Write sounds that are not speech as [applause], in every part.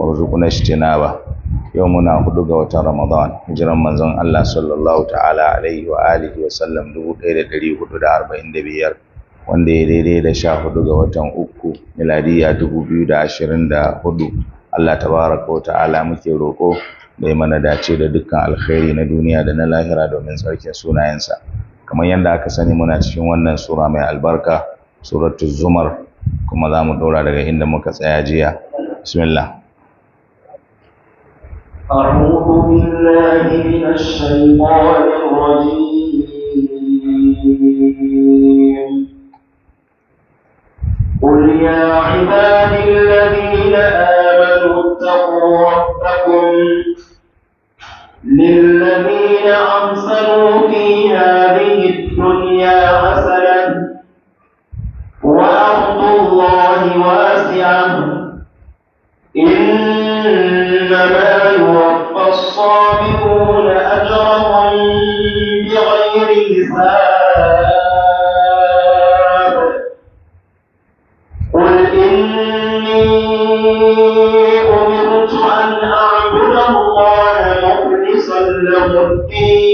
warzuqna ijtinaba yau muna hudu ga watan Ramadan Jiran manzon Allah sallallahu ta'ala alaihi wa alihi wa sallam 1445 wanda ya daidai da sha hudu ga watan uku miladiya 2024 Allah tabaraka wa ta'ala muke roko da mana dace da dukkan alkhairi na duniya da na lahira domin tsarkin sunayensa kamar yadda aka sani muna cikin wannan sura mai albarka suratul zumar kuma za mu ɗora daga inda muka tsaya jiya bismillah أعوذ بالله من الشيطان الرجيم قل يا عباد الذين آمنوا اتقوا ربكم للذين أحسنوا في هذه الدنيا حسنة وأرض الله واسعة إنما يوفى الصابرون أجرهم بغير حساب قل إني أمرت أن أعبد الله مخلصا له الدين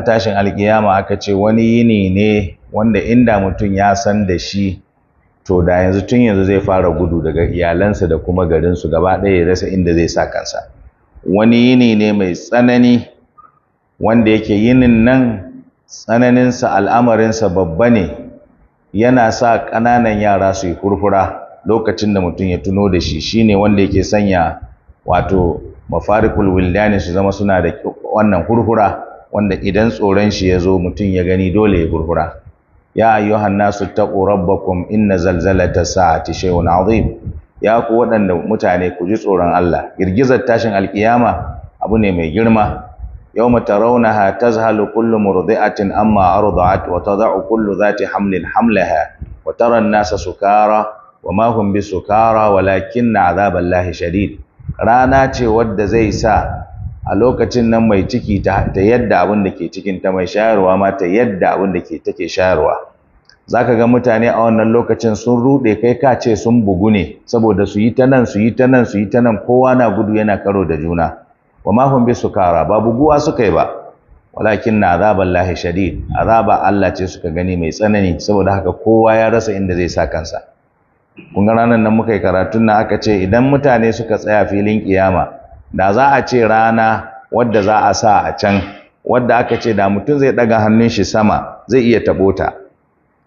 ranar tashin alkiyama aka ce wani yini ne wanda inda mutum ya san da shi to da yanzu tun yanzu zai fara gudu daga iyalansa da kuma garinsu gaba ɗaya ya rasa inda zai sa kansa wani yini ne mai tsanani wanda yake yinin nan tsananinsa al'amarinsa babba ne yana sa ƙananan yara su yi kurfura lokacin da mutum ya tuno da shi shine wanda yake sanya wato mafarikul wildani su zama suna da wannan kurfura wanda idan tsoron shi ya zo mutum ya gani dole ya gurgura ya ayyuhan nasu taqu rabbakum inna ta sa'ati shay'un azim ya ku waɗanda mutane ku ji tsoron Allah girgizar tashin alkiyama abu ne mai girma yawma tarawnaha tazhalu kullu murdi'atin amma arda'at wa tada'u kullu dhati hamlin hamlaha wa tara an-nasa sukara wa ma hum bisukara walakinna 'adhaballahi shadid rana ce wadda zai sa a lokacin nan mai ciki ta yadda abin da ke cikin ta mai shayarwa ma ta yadda abin da ke take shayarwa zaka ga mutane a wannan lokacin sun rude kai ka ce sun bugu ne saboda su yi ta nan su yi ta nan su yi ta nan kowa na gudu yana karo da juna wa ma hum bisukara ba buguwa suka yi ba walakin na azaban lahi shadid azaba Allah ce suka gani mai tsanani saboda haka kowa ya rasa inda zai sa kansa kun ga ranar nan muka yi karatun nan aka ce idan mutane suka tsaya filin kiyama da za a ce rana wadda za a sa a can wadda aka ce da mutum zai daga hannun shi sama zai iya tabota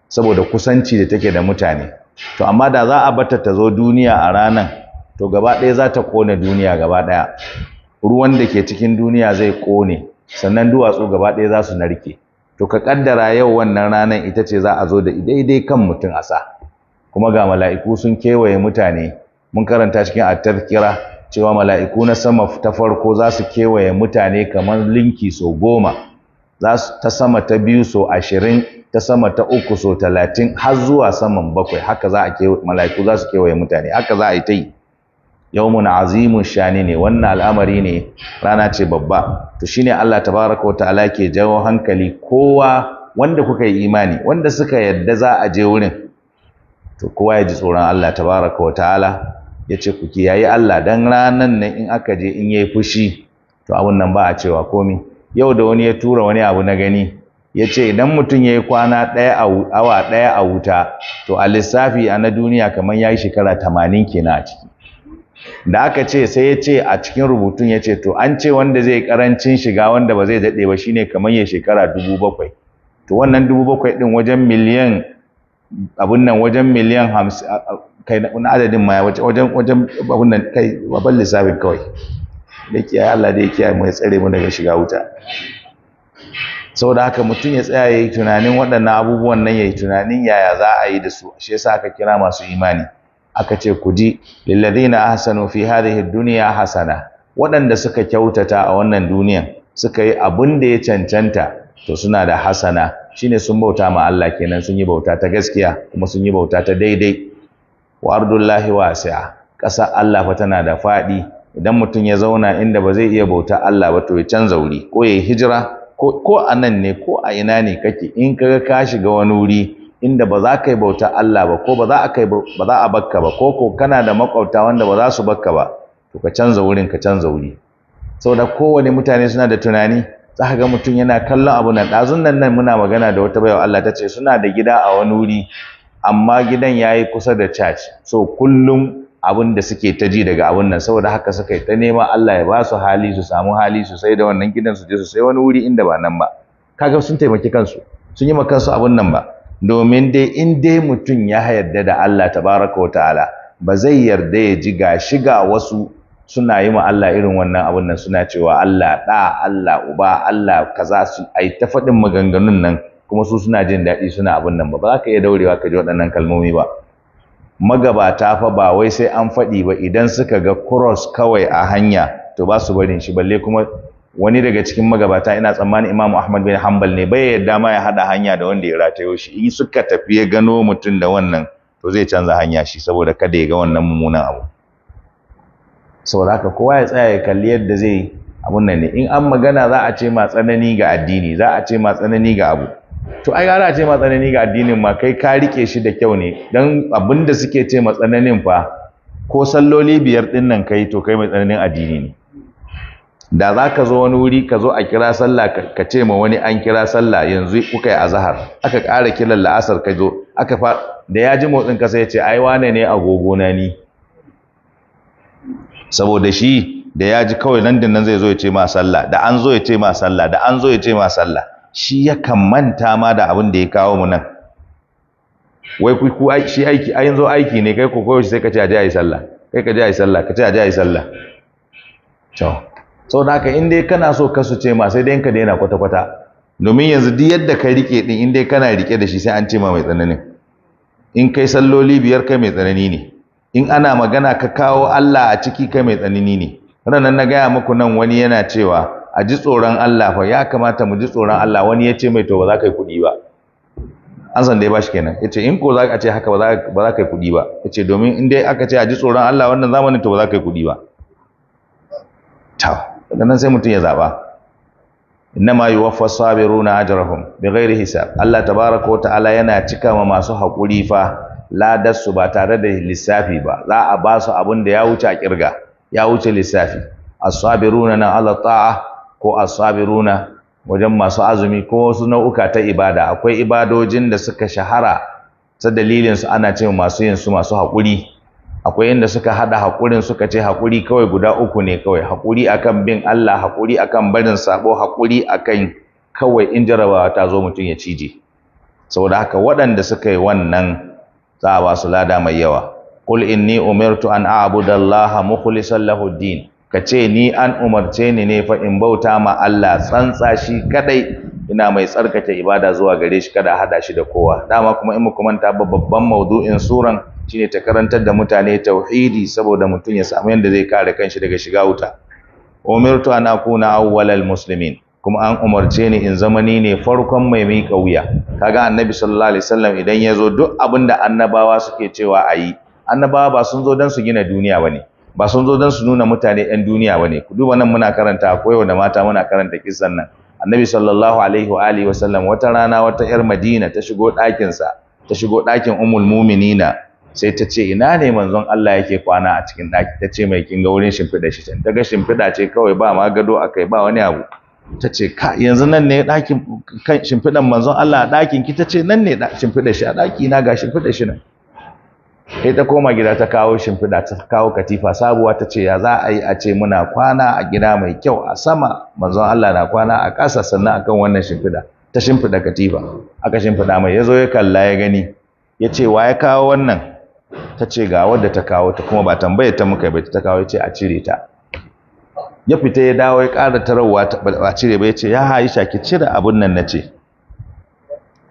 saboda kusanci da take da mutane to amma da za a bata ta zo duniya a ranan to gaba ɗaya za ta kone duniya gaba ɗaya ruwan da ke cikin duniya zai kone sannan duwatsu gaba ɗaya za su narke to ka kaddara yau wannan ranan ita ce za a zo da daidai kan mutum a sa kuma ga mala'iku sun kewaye mutane mun karanta cikin at-tazkira cewa mala'iku na sama ta farko za su kewaye mutane kamar linki so goma ta sama ta biyu so ashirin ta sama ta uku so talatin har zuwa saman bakwai haka za a kewaye mala'iku za su kewaye mutane haka za a yi ta yi Yau muna azimun shani ne wannan al'amari ne rana ce babba to shi ne Allah ta baraka wata ke jawo hankali kowa wanda kuka yi imani wanda suka yadda za a je wurin to kowa ya ji tsoron Allah ta baraka wa ta'ala ya ce ku kiyaye Allah don ranar nan in aka je in yi fushi to abun nan ba a cewa komi yau da wani ya tura wani abu na gani ya ce idan mutum ya yi kwana ɗaya awa ɗaya a wuta to a lissafi a na duniya kamar ya yi shekara tamanin kenan a ciki da aka ce sai ya ce a cikin rubutun ya ce to an ce wanda zai karancin shiga wanda ba zai daɗe ba shine kamar ya shekara dubu bakwai to wannan dubu bakwai ɗin wajen miliyan abun nan wajen miliyan hamsin kai na adadin ma wajen wajen abun nan kai babban lissafin kawai da kiyaye Allah da ya kiyaye tsare mu daga shiga wuta saboda haka mutum ya tsaya ya tunanin waɗannan abubuwan nan ya tunanin yaya za a yi da su shi yasa aka kira masu imani aka ce ku ji lilladina ahsanu fi hadhihi dunya hasana waɗanda suka kyautata a wannan duniyan suka yi abin da ya cancanta to suna da hasana shine sun bauta ma Allah kenan sun yi bauta ta gaskiya kuma sun yi bauta ta daidai wa ardullahi wasi'a ƙasa Allah fa tana da faɗi idan mutum ya zauna inda ba zai iya bauta Allah ba to ya canza wuri ko ya hijira ko ko a ne ko a ina ne kake in kaga ka shiga wani wuri inda ba za ka yi bauta Allah ba ko ba za a kai ba za a bakka ba ko ko kana da makwabta wanda ba za su bakka ba to ka canza wurin ka canza wuri saboda kowane mutane suna da tunani za ka ga mutum yana kallon abu nan ɗazun nan nan muna magana da wata bayawa Allah ta ce suna da gida a wani wuri amma gidan ya yi kusa da church so kullum abin da suke ta ji daga abin nan saboda haka suka yi ta nema Allah ya ba su hali su samu hali su sai da wannan gidan su je su sai wani wuri inda ba nan ba kaga sun taimaki kansu sun yi kansu abin nan ba domin dai in dai mutum ya yarda da Allah tabaraka wa ta'ala ba zai yarda ya ji ga shiga wasu suna yi ma Allah irin wannan abin nan suna cewa Allah da Allah uba Allah kaza su ai ta faɗin maganganun nan kuma su suna jin daɗi suna abin nan ba ba za ka iya daurewa ka ji waɗannan kalmomi ba magabata fa ba wai sai an faɗi ba idan suka ga cross kawai a hanya to ba su barin shi balle kuma wani daga cikin magabata ina tsammanin Imam Ahmad bin Hanbal ne bai yarda ma ya haɗa hanya da wanda ya ratayo shi in suka tafi ya gano mutum da wannan to zai canza hanya shi saboda kada ya ga wannan mummunan abu saboda haka kowa ya tsaya ya kalli yadda zai abun nan ne in an magana za a ce ma tsanani ga addini za a ce ma tsanani ga abu to ai gara ce ma tsanani ga addinin ma kai ka rike shi da kyau ne dan abinda suke ce ma tsananin fa ko salloli biyar din nan kai to kai mai tsananin addini ne da za ka zo wani wuri ka zo a kira sallah ka ce ma wani an kira sallah yanzu kuka yi azahar aka ƙara kiran la'asar ka zo aka fa da ya ji motsin ka sai ya ce ai wane ne agogo na ni saboda shi da ya ji kawai nan da nan zai zo ya ce ma sallah da an zo ya ce ma sallah da an zo ya ce ma sallah shi yakan manta ma da abin da ya kawo mu nan wai ku ku shi aiki a yanzu aiki ne kai ku koyo sai ka ce a je ayi sallah kai ka je ayi sallah ka ce a je ayi sallah to saboda haka in dai kana so ka su ce ma sai dai ka daina kwata kwata domin yanzu duk yadda ka rike din in dai kana rike da shi sai an ce ma mai tsananin in kai salloli biyar kai mai tsanani ne in ana magana ka kawo Allah a ciki kai mai tsanani ne ranan na gaya muku nan wani yana cewa a ji tsoron Allah fa ya kamata mu ji tsoron Allah wani ya ce mai to ba za ka yi kuɗi ba an san dai ba shi kenan ya ce in ko za ka ce haka ba za ka yi kuɗi ba ya ce domin in dai aka ce a ji tsoron Allah wannan zamanin to ba za ka yi kuɗi ba ta daga nan sai mutum ya zaɓa innama yuwaffa sabiruna ajrahum bighairi hisab Allah tabaraka wa ta'ala yana cika ma masu haƙuri fa ladarsu ba tare da lissafi ba za a ba su abin da ya wuce a kirga ya wuce lissafi as-sabiruna na ala ta'a ko asabiruna wajen masu azumi ko wasu nau'uka ta ibada akwai ibadojin da suka shahara ta dalilin su ana ce masu yin su masu hakuri. akwai inda suka hada hakurin suka ce hakuri kawai guda uku ne kawai hakuri akan bin Allah hakuri akan barin sabo hakuri akan kawai in jarabawa ta zo mutum ya cije saboda haka waɗanda suka yi wannan za a ba su lada mai yawa qul inni umirtu an a'budallaha mukhlishan lahu din ka ce ni an umarce ni ne fa in bauta ma Allah tsantsa shi kadai ina mai tsarkake ibada zuwa gare shi kada hada shi da kowa dama kuma in muka manta babban maudu'in suran shine ta karantar da mutane tauhidi saboda mutum ya samu yanda zai kare kanshi daga shiga wuta umirtu an akuna awwalal muslimin kuma an umarce ni in zama ni ne farkon mai miƙa wuya kaga annabi sallallahu alaihi wasallam idan ya zo duk abinda annabawa suke cewa ayi. annabawa ba sun zo dan su gina duniya bane ba sun zo don su nuna mutane 'yan duniya ba ne ku duba nan muna karanta ko yau da mata muna karanta kisan nan annabi sallallahu alaihi wa alihi wasallam wata rana wata yar madina ta shigo ɗakinsa ta shigo ɗakin umul muminina sai ta ce ina ne manzon Allah yake kwana a cikin ɗaki ta ce mai Kin ga wurin shimfiɗa shi ta ga shimfiɗa ce kawai ba ma gado a kai ba wani abu ta ce ka yanzu nan ne ɗakin shimfiɗan manzon Allah a ɗakin ki ta ce nan ne shimfiɗa shi a ɗaki na ga shimfiɗa shi nan sai ta koma gida ta kawo shimfiɗa ta kawo katifa sabuwa ta ce ya za a yi a ce muna kwana a gida mai kyau a sama manzon Allah na kwana a ƙasa sannan akan wannan shimfiɗa ta shimfiɗa katifa aka shimfiɗa mai ya zo ya kalla ya gani ya ce wa ya kawo wannan ta ce ga wadda ta kawo ta kuma ba tambaya ta muka bai ta kawo ya ce a cire ta ya fita ya dawo ya ƙara tarawa ba a cire ba ya ce ya Aisha ki cire abun nan na ce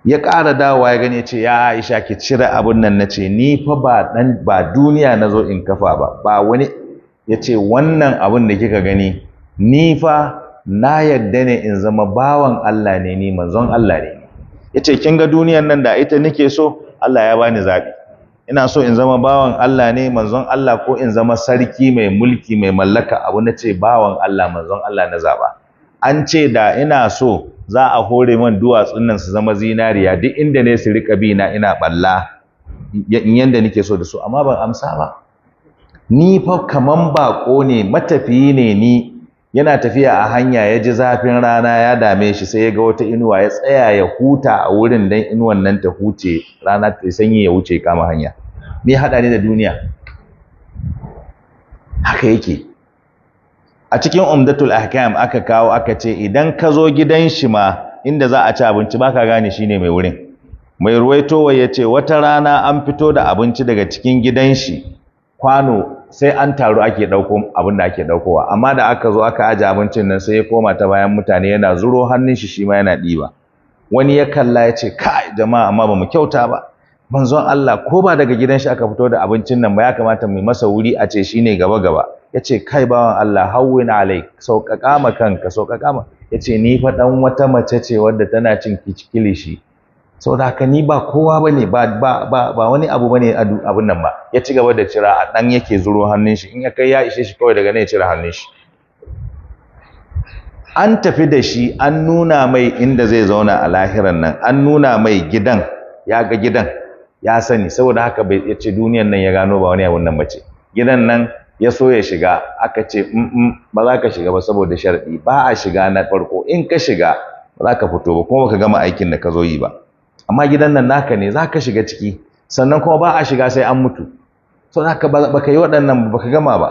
ya ƙara dawowa ya gani ya ce ya Aisha ki cire abin nan na ce ni fa ba duniya na zo in kafa ba ba wani ya ce wannan abin da kika gani ni fa na yarda ne in zama bawan Allah ne ni manzon Allah ne ya ce kin ga duniyan nan da ita nake so Allah ya bani zaɓi ina so in zama bawan Allah ne manzon Allah ko in zama sarki mai mulki mai mallaka abu na ce bawan Allah manzon Allah na zaɓa an ce da ina so za a hore man duwatsun nan su zama zinariya duk inda ne su rika bi na ina balla yanda nake so da su amma ban amsa ba ni fa kaman bako ne matafiyi ne ni yana tafiya a hanya ya ji zafin rana ya dame shi sai ya ga wata inuwa ya tsaya ya huta a wurin dan inuwan nan ta huce rana ta sanyi ya wuce kama hanya me hada ne da duniya haka yake a cikin umdatul ahkam aka kawo aka ce idan ka zo gidan shi ma inda za a ci abinci baka gane shine mai wurin mai ruwaitowa ya ce wata rana an fito da abinci daga cikin gidan shi kwano sai an taru ake dauko abin da ake daukowa. amma da aka zo aka aje abincin nan sai ya koma ta bayan mutane yana zuro hannun shi shi yana diba. wani ya kalla ya ce kai jama'a amma ba mu kyauta ba manzon Allah ko ba daga gidan shi aka fito da abincin nan ba ya kamata mu masa wuri a ce shine gaba gaba ya ce kai bawan Allah hawwin alai sauƙaƙa ma kanka sauƙaƙa ma ya ce ni fa wata mace ce wadda tana cin kilishi saboda haka ni ba kowa ba ne ba wani abu ba ne abin nan ba ya ci gaba da cira a ɗan yake zuro hannun shi in ya kai ya ishe shi kawai daga nan ya cira hannun shi an tafi da shi an nuna mai inda zai zauna a lahiran nan an nuna mai gidan ya ga gidan ya sani saboda haka bai ya ce duniyan nan ya gano ba wani abun nan ba ce gidan nan ya so ya shiga aka ce ba za ka shiga ba saboda sharadi ba a shiga na farko in ka shiga ba za ka fito ba kuma ba ka gama aikin da ka zo yi ba amma gidan nan naka ne za ka shiga ciki sannan kuma ba a shiga sai an mutu so za ka ka yi waɗannan ba ka gama ba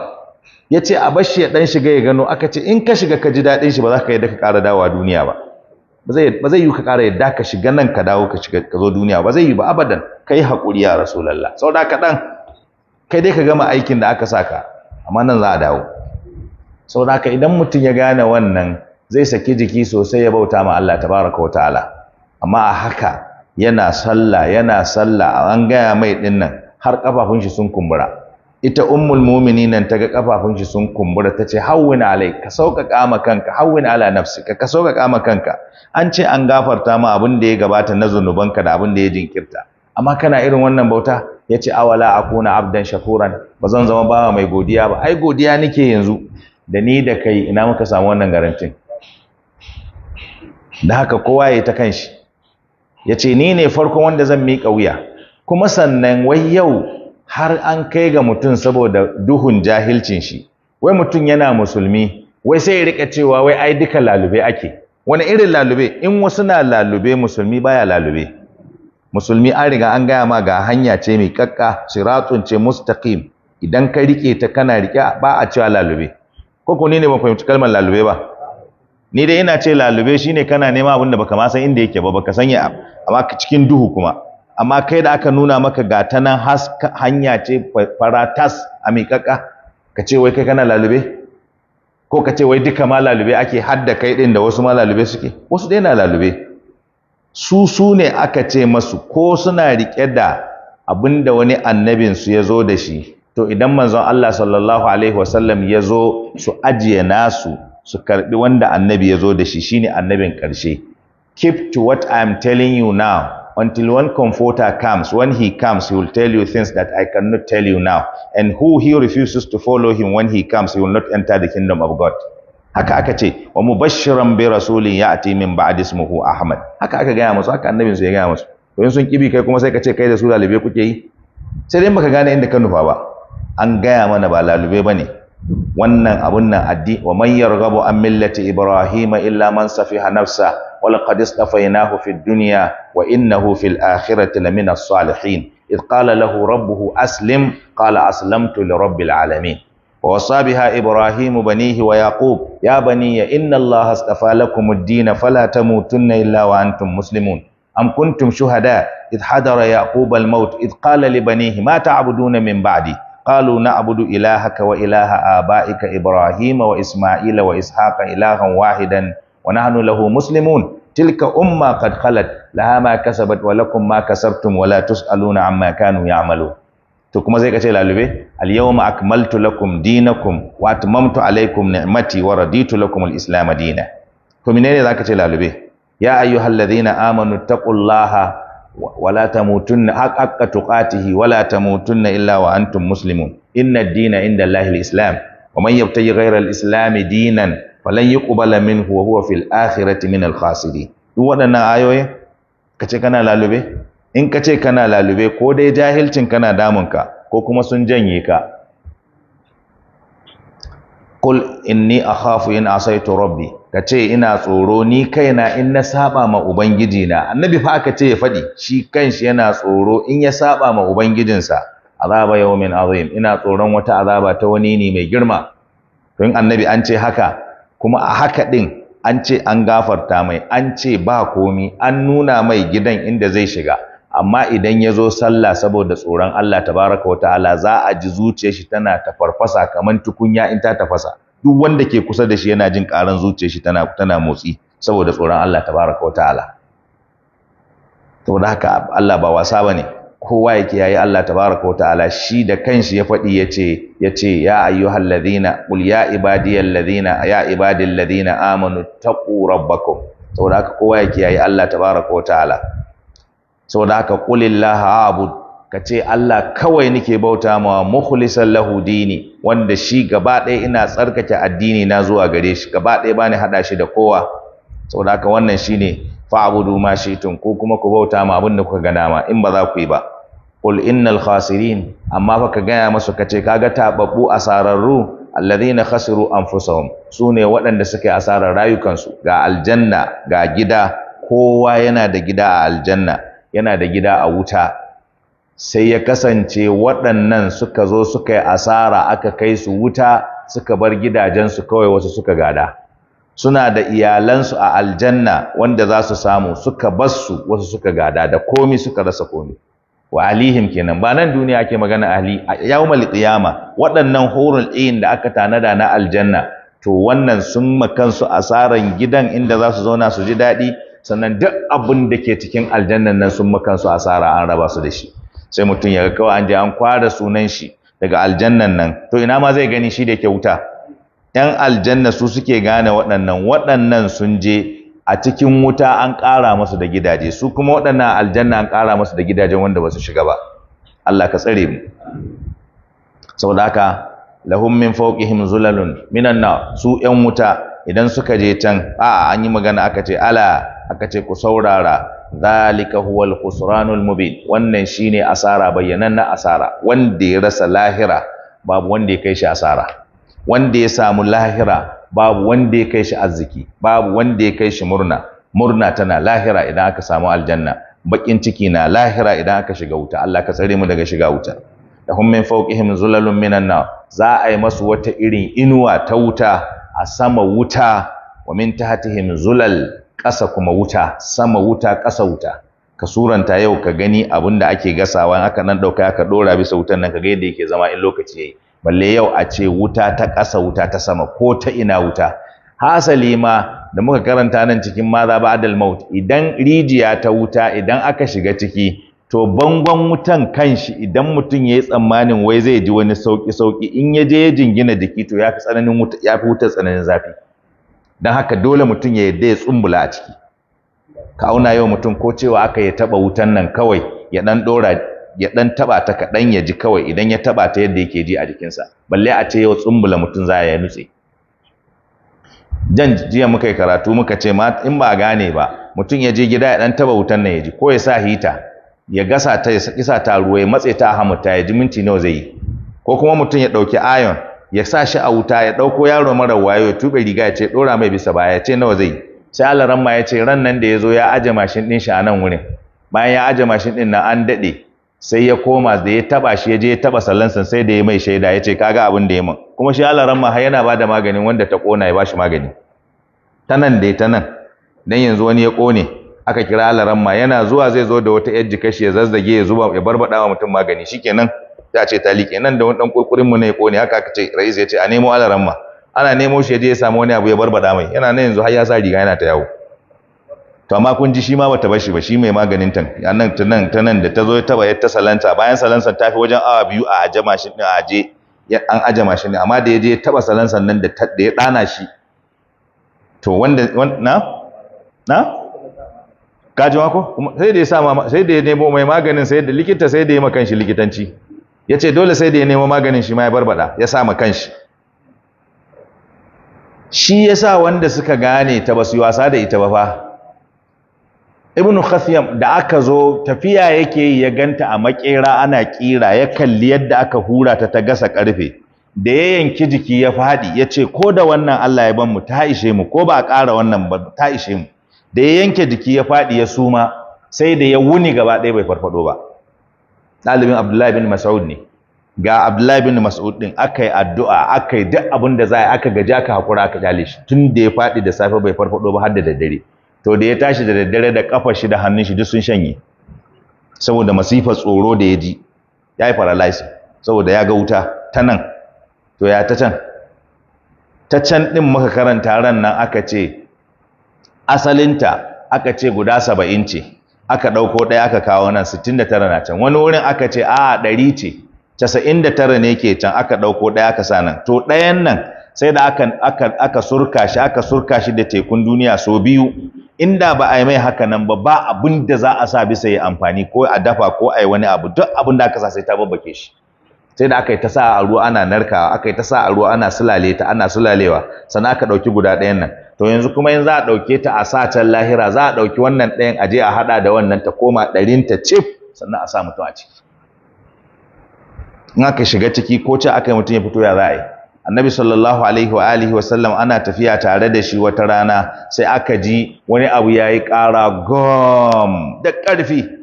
ya ce a bashi ya ɗan shiga ya gano aka ce in ka shiga ka ji daɗin shi ba za ka yadda ka ƙara dawowa duniya ba ba zai yi ka ƙara yadda ka shiga nan ka dawo ka shiga ka zo duniya ba zai yi ba abadan ka yi haƙuri ya rasulallah sau da ka ɗan kai dai ka gama aikin da aka saka amma nan za a dawo Sau haka idan mutum ya gane wannan zai saki jiki sosai ya bauta ma Allah tabaraka wa ta'ala amma a haka yana sallah yana sallah an gaya mai ɗinnan, har kafafun shi sun kumbura ita ummul mu'minin ta ga kafafun shi sun kumbura ta ce na alai ka sauƙaƙa ma kanka hawwina ala nafsi ka sauka kama kanka an ce an gafarta ma abin da ya gabata na zunubanka da abin da ya jinkirta amma kana irin wannan bauta Ya ce awala a kuna abdan shakuran ba zan zama bawa mai godiya ba ai godiya nake yanzu da ni da kai ina muka samu wannan garantin da haka kowa ya ta kanshi Ya ce ni ne farko wanda zan miƙa wuya kuma sannan wai yau har an kai ga mutum saboda duhun jahilcin shi wai mutum yana musulmi wai sai ya rika cewa wai ai duka lalube ake wani irin lalube in wasu na lalube musulmi baya lalube musulmi an riga an gaya ma ga hanya ce mai kakka siratun ce mustaqim idan ka rike ta kana rike ba a cewa lalube ko ko ni ne ban fahimci kalmar lalube ba ni dai ina ce lalube shine kana nema abin baka ma san inda yake ba baka sanya amma cikin duhu kuma amma kai da aka nuna maka ga ta nan hanya ce faratas a mai kakka ka ce wai kai kana lalube ko ka ce wai duka ma lalube ake hadda kai din da wasu ma lalube suke wasu dai na lalube su su ne aka ce masu ko suna riƙe da abin da wani annabinsu ya zo da shi to idan manzon Allah sallallahu alaihi wasallam ya zo su ajiye nasu su karɓi wanda annabi ya zo da shi shine annabin ƙarshe keep to what I am telling you now until one comforter comes when he comes he will tell you things that I cannot tell you now and who he refuses to follow him when he comes he will not enter the kingdom of God haka aka ce wa mubashiran bi rasulin ya'ti min ba'd ismuhu ahmad haka aka gaya musu haka annabin su ya gaya musu to sun kibi kai kuma sai ka ce kai da su lalube kuke yi sai dai baka gane inda ka nufa ba an gaya mana ba lalube bane wannan abun nan addi wa man yarghabu an millati ibrahima illa man safiha nafsa wa laqad istafainahu fid dunya wa innahu fil akhirati lamina as-salihin id qala lahu rabbuhu aslim qala aslamtu li rabbil ووصى بها إبراهيم بنيه ويعقوب يا بني إن الله اصطفى لكم الدين فلا تموتن إلا وأنتم مسلمون أم كنتم شهداء إذ حضر يعقوب الموت إذ قال لبنيه ما تعبدون من بعدي قالوا نعبد إلهك وإله آبائك إبراهيم وإسماعيل وإسحاق إلها واحدا ونحن له مسلمون تلك أمة قد خلت لها ما كسبت ولكم ما كسبتم ولا تسألون عما كانوا يعملون to kuma zai kace lalube al yawma akmaltu lakum dinakum wa atmamtu alaykum ni'mati wa raditu lakum al islam dinan to menene zaka ce lalube ya ayyuhalladhina amanu taqullaha wa la tamutunna haqqa tuqatihi wa la tamutunna illa wa antum muslimun inna dina inda allahi al islam wa man yabtaghi ghayra al islam dinan falan yuqbala minhu wa huwa fil akhirati min al khasirin duk waɗannan ayoyi kace kana lalube in ka ce kana lalube ko dai jahilcin kana damunka ko kuma sun janye ka kul inni akhafu in asaitu rabbi ce ina tsoro ni kaina in na saba ma ubangiji na annabi fa aka ce ya fadi shi kanshi yana tsoro in ya saba ma ubangijinsa azaba yawmin azim ina tsoron wata azaba ta wani ne mai girma to in annabi an ce haka kuma a haka din an ce an gafarta mai an ce ba komi an nuna mai gidan inda zai shiga amma idan ya zo sallah saboda tsoron Allah tabaraka wa ta'ala za a ji zuciyar shi tana tafarfasa kamar tukunya in ta tafasa duk wanda ke kusa da shi yana jin karan zuciyar shi tana tana motsi saboda tsoron Allah tabaraka wa ta'ala to da haka Allah ba wasa bane kowa yake yayi Allah tabaraka wa ta'ala shi da kanshi ya faɗi yace yace ya ayyuhal ladina qul ya ibadiyal Ladina, ya ibadil Ladina, amanu taqu rabbakum saboda haka kowa yake yayi Allah tabaraka wa ta'ala saboda haka qulillaha abud kace Allah kawai nake bauta ma mukhlisan lahu dini wanda shi gaba ɗaya ina tsarkake addini na zuwa gare shi gaba ɗaya bani haɗa shi da kowa saboda haka wannan shine fa'budu ma tun, ko kuma ku bauta ma abin da kuka ga dama in ba za ku yi ba qul innal khasirin amma fa ka gaya masu kace kaga tababbu asararru alladhina khasiru anfusahum sune waɗanda suke asarar rayukansu ga aljanna ga gida kowa yana da gida a aljanna yana da gida a wuta sai ya kasance waɗannan suka zo suka yi asara aka kai su wuta suka bar gidajensu kawai wasu suka gada suna da iyalansu a aljanna wanda za su samu suka su wasu suka gada da komi suka rasa komi wa alihim kenan ba nan duniya ake magana ahli yawmal qiyama waɗannan horon ayn da aka tanada na aljanna to wannan sun makansu asaran gidan inda za su zauna su ji daɗi sannan duk abin da ke cikin aljannan nan sun makan su asara an raba su da shi sai mutum ya ga kawai an je an kwara sunan shi daga aljannan nan to ina ma zai gani shi da ke wuta yan aljanna su suke gane waɗannan waɗannan sun je a cikin wuta an ƙara masu da gidaje su kuma waɗannan aljanna an ƙara masu da gidajen wanda ba su shiga ba Allah ka tsare mu saboda haka lahum min fawqihim zulalun minan nar su yan wuta idan suka je can A'a an yi magana aka ce ala aka ce ku saurara zalika huwal khusranul mubin wannan shine asara bayyanan na asara wanda ya rasa lahira babu wanda ya kai shi asara wanda ya samu lahira babu wanda ya kai shi arziki babu wanda ya kai shi murna murna tana lahira idan aka samu aljanna bakin ciki na lahira idan aka shiga wuta Allah ka tsare mu daga shiga wuta da hum min fawqihim zulalun minan nar za a yi masu wata irin inuwa ta wuta a sama wuta wa min tahtihim zulal ƙasa kuma wuta sama wuta ƙasa wuta ka suranta yau ka gani abin da ake gasawa aka nan ɗauka aka ɗora bisa wutan nan ka ga yadda yake zama in lokaci yayi balle yau a ce wuta ta ƙasa wuta ta sama ko ta ina wuta hasali ma da muka karanta nan cikin maza ba adal maut idan rijiya ta wuta idan aka shiga ciki to bangon wutan kanshi idan mutum ya yi tsammanin wai zai ji wani sauki sauki in ya je ya jingina jiki to ya fi tsananin wuta ya fi wuta tsananin zafi dan haka dole mutum ya yadda ya tsumbula a ciki ka auna yau mutum ko cewa aka ya taba wutan nan kawai ya dan dora ya dan taba ta kaɗan ya ji kawai idan ya taba ta yadda yake ji a jikinsa balle a ce yau tsumbula mutum za ya nutse jan jiya muka yi karatu muka ce ma in ba gane ba mutum ya je gida ya dan taba wutan nan ya ji ko ya sa hita ya gasa ta ya kisa ta ruwa ya matse ta a hamuta ya ji minti nawa zai yi ko kuma mutum ya ɗauki ayon ya sa shi a wuta ya ɗauko yaro mara wayo ya tuɓe riga ya ce ɗora mai bisa baya ya ce nawa zai sai Allah ranma ya ce ran nan da ya zo ya aje mashin ɗin shi a nan wurin bayan ya aje mashin ɗin nan an daɗe sai ya koma da ya taɓa shi ya je ya taɓa sallansa sai da ya mai shaida ya ce kaga abin da ya min kuma shi Allah ranma har yana ba da maganin wanda ta ƙona ya ba shi magani ta nan dai ta nan dan yanzu wani ya kone, aka kira Allah ranma yana zuwa zai zo da wata yar jikashi ya zazzage ya zuba ya barbada wa mutum magani shikenan ya ce ta liƙe nan da wani ɗan kurkurin mu ne ko ne? haka aka ce rais ya ce a nemo alaran ma ana nemo shi ya je ya samu wani abu ya barbada mai yana nan yanzu har ya sa riga yana ta yawo to amma kun ji shi ma bata bashi ba shi mai maganin tan nan ta nan ta nan da ta zo ta bayar ta salanta bayan salansan ta fi wajen awa biyu a aje mashin din a aje an aje mashin din amma da ya je ya taba salansan nan da da ya dana shi to wanda na na ka ji ma ko sai da ya sa sai da ya nemo mai maganin sai da likita sai da ya makan shi likitanci ya ce dole sai da ya nemo maganin shi ma ya barbada ya sa ma kanshi shi ya sa wanda suka gane ta basuwasa wasa da ita ba fa Ibn khasiyam da aka zo tafiya yake ya ganta a makera ana kira ya kalli yadda aka hura ta ta gasa karfe da ya yanki jiki ya fadi, ya ce ko da wannan Allah ya ban mu ta ishe mu ko ba a kara wannan ba ta ishe mu da ya yanke jiki ya fadi ya suma sai da ya wuni gaba ɗaya bai farfado ba ɗalibin Abdullahi bin Mas'ud ne ga Abdullahi bin Mas'ud din yi addu'a akai duk abin da za aka gaji aka hakura aka kyale shi tun da ya faɗi da safe bai farfaɗo ba har da daddare to da ya tashi da daddare da kafar shi da hannun shi duk sun shanye saboda masifar tsoro da ya ji ya yi paralyzing saboda ya ga wuta ta nan to ya ta can ta can din muka karanta ran nan aka ce asalinta aka ce guda saba'in ce aka ɗauko ɗaya aka kawo nan 69 na can wani wurin aka ce a 100 ce da tara ne ke can aka ɗauko ɗaya aka sa nan to ɗayan nan sai da aka aka surka shi aka surka shi da tekun duniya so biyu inda ba a yi mai haka nan ba ba abin da za a sa bisa yi amfani ko a dafa ko a yi wani abu duk abin da aka sa sai ta babbake shi sai da aka yi ta sa a ruwa ana narkawa aka yi ta sa a ruwa ana sulale ta ana sulalewa sannan aka ɗauki guda ɗayan nan to yanzu kuma in za a ɗauke ta a sa can lahira za a ɗauki wannan ɗayan aje a haɗa da wannan ta koma ɗarin ta cif sannan a sa mutum a ciki in aka shiga ciki ko ce aka yi mutum ya fito ya za a yi annabi sallallahu alaihi wa alihi wa sallam ana tafiya tare da shi wata rana sai aka ji wani abu ya yi ƙara gom da ƙarfi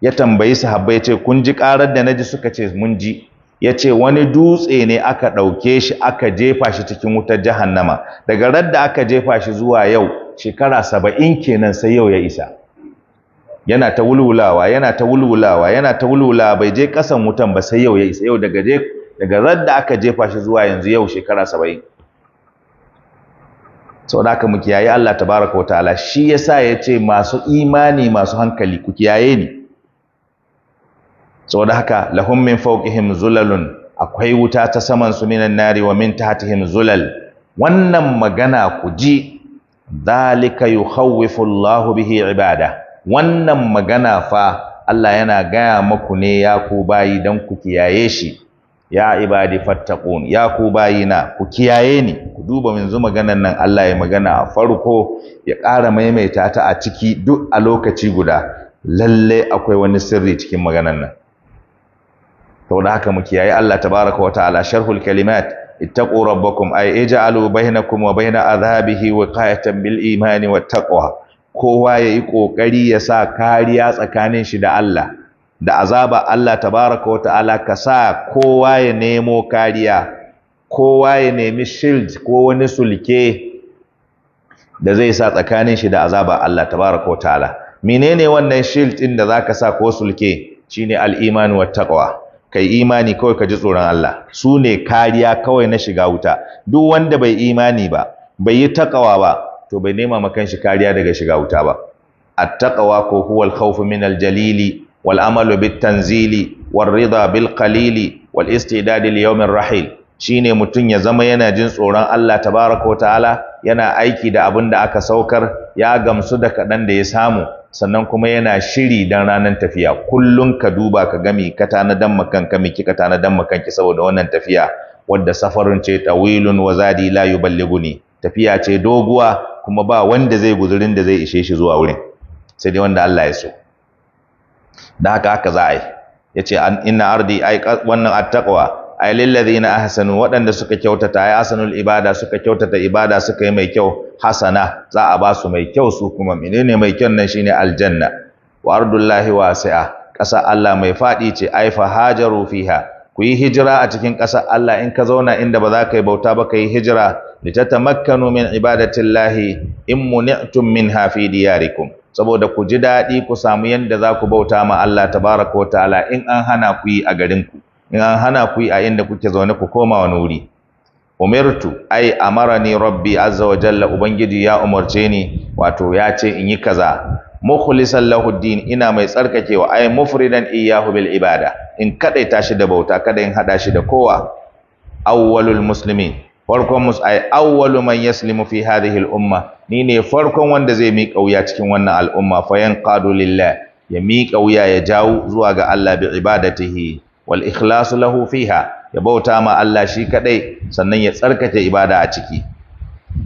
ya tambayi sahabbai ya ce kun ji karar da naji suka ce mun ji ya ce wani dutse ne aka ɗauke shi aka jefa shi cikin wutar jahannama daga radda aka jefa shi zuwa yau shekara saba'in kenan sai yau ya isa yana ta wulwulawa yana ta wulwulawa yana ta wulwulawa bai je kasan wutan ba sai yau ya isa yau daga je daga radda aka jefa shi zuwa yanzu yau shekara saba'in sau da aka mu kiyaye Allah Ta baraka wa ta'ala shi ya sa ya ce masu imani masu hankali ku kiyaye ni saboda haka lahum min fawqihim zulalun akwai wuta ta saman su minan nari wa min tahtihim zulal wannan magana ku ji dalika yukhawwifu Allahu bihi ibada wannan magana fa Allah yana gaya maku ne ya ku bayi dan ku kiyaye shi ya ibadi fattaqun ya ku na, ku kiyaye ni ku duba zuma maganan nan Allah ya magana a farko ya ƙara maimaita ta a ciki duk a lokaci guda lalle akwai wani sirri cikin maganan nan saboda haka mu kiyaye Allah tabaraka wa ta'ala sharhul kalimat ittaqu rabbakum ay ij'alu bainakum wa baina adhabihi wiqayatan bil imani wat taqwa kowa yayi kokari ya sa kariya tsakanin shi da Allah da azaba Allah tabaraka wa ta'ala ka sa kowa ya nemo kariya kowa ya nemi shield ko wani sulke da zai sa tsakanin shi da azaba Allah tabaraka wa ta'ala menene wannan shield din da zaka sa ko sulke shine al-iman wat taqwa kai imani kawai ka ji tsoron Allah su ne kariya kawai na shiga wuta duk wanda bai imani ba bai yi takawa ba to bai nema makan shi kariya daga shiga wuta ba at-taqwa ko huwa al min al-jalili wal amalu bit-tanzili wal rida bil qalili wal istidad li yawmir rahil shine mutun ya zama yana jin tsoron Allah tabaaraka ta'ala yana aiki da abin da aka saukar ya gamsu da kadan da ya samu sannan kuma yana shiri dan ranar tafiya kullun ka duba ka gami ka tanadan makanka miki ka tanadan makanki saboda wannan tafiya wadda safarin ce tawilun wa zadi la yuballiguni tafiya ce doguwa kuma ba wanda zai guzurin da zai ishe shi zuwa wurin sai dai wanda Allah ya so da haka haka za a yi yace inna ardi ai wannan attaqwa ai lil ladina ahsanu waɗanda suka kyautata ai asanul ibada suka kyautata ibada suka yi mai kyau hasana za a ba su mai kyau su kuma menene mai kyau nan shine aljanna wa ardullahi wasi'a ƙasa Allah mai faɗi ce ai fa hajaru fiha ku yi hijira a cikin ƙasa Allah in ka zauna inda ba za ka yi bauta ba ka yi hijira tatamakkanu min ibadatillahi in muni'tum minha fi diyarikum saboda ku ji daɗi ku samu yadda za ku bauta ma Allah tabaraka wa ta'ala in an hana ku yi a garinku in an hana ku yi a inda kuke zaune ku koma wani wuri umirtu ai amarani rabbi azza wa jalla ubangiji ya umarce ni wato ya ce in yi kaza mukhlisan lahu din ina mai tsarkakewa ai mufridan iyyahu bil ibada in kadaita shi da bauta kada in hada shi da kowa awwalul muslimin farkon mus ai awwalu man yaslimu fi hadhihi al umma ni ne farkon wanda zai mi kauya cikin wannan al'umma fa yanqadu lillah ya mi kauya ya jawo zuwa ga Allah bi ibadatihi wal ikhlasu lahu fiha ya bauta ma Allah shi kadai sannan ya tsarkake ibada a ciki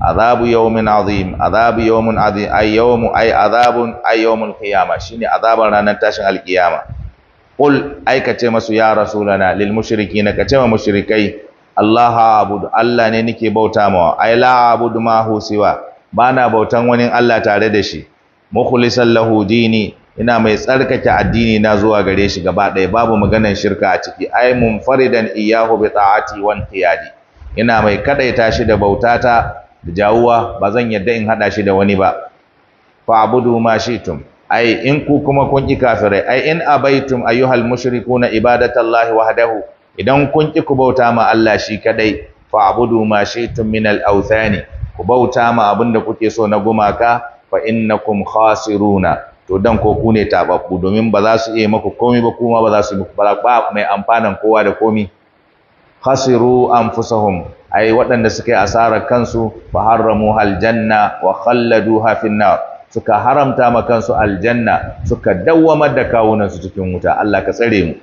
azabu yawmin azim azabu yawmin azim ay yawmu ay azabun ay yawmul qiyamah shine azaban ranar tashin alkiyama qul ay kace masu ya rasulana lil mushrikin kace ma mushrikai Allah abudu Allah ne nake bauta ma ay la abudu ma hu siwa bana bautan wani Allah tare da shi mukhlisan lahu dini ina mai tsarkake addini na zuwa gare shi gaba ɗaya babu maganar shirka a ciki ai munfaridan iyahu bi ta'ati wa inqiyadi ina mai kadaita shi da bautata da jawuwa ba zan yadda in hada shi da wani ba fa abudu ma shitum ai in ku kuma kun ki kafirai ai in abaitum ayyuhal mushrikuna ibadatallahi wahdahu idan kun ki ku bauta ma Allah shi kadai fa abudu ma shitum min al awthani ku bauta ma abinda kuke so na gumaka fa innakum khasiruna to dan ko ku ne tababbu domin ba za su iya maku komi ba kuma ba za su muku ba mai amfanan kowa da komi khasiru anfusahum ai waɗanda suka yi asarar kansu fa harramu aljanna wa khalladuha fin suka haramta ma kansu aljanna suka dawwamar da kawunan su cikin wuta Allah ka tsare mu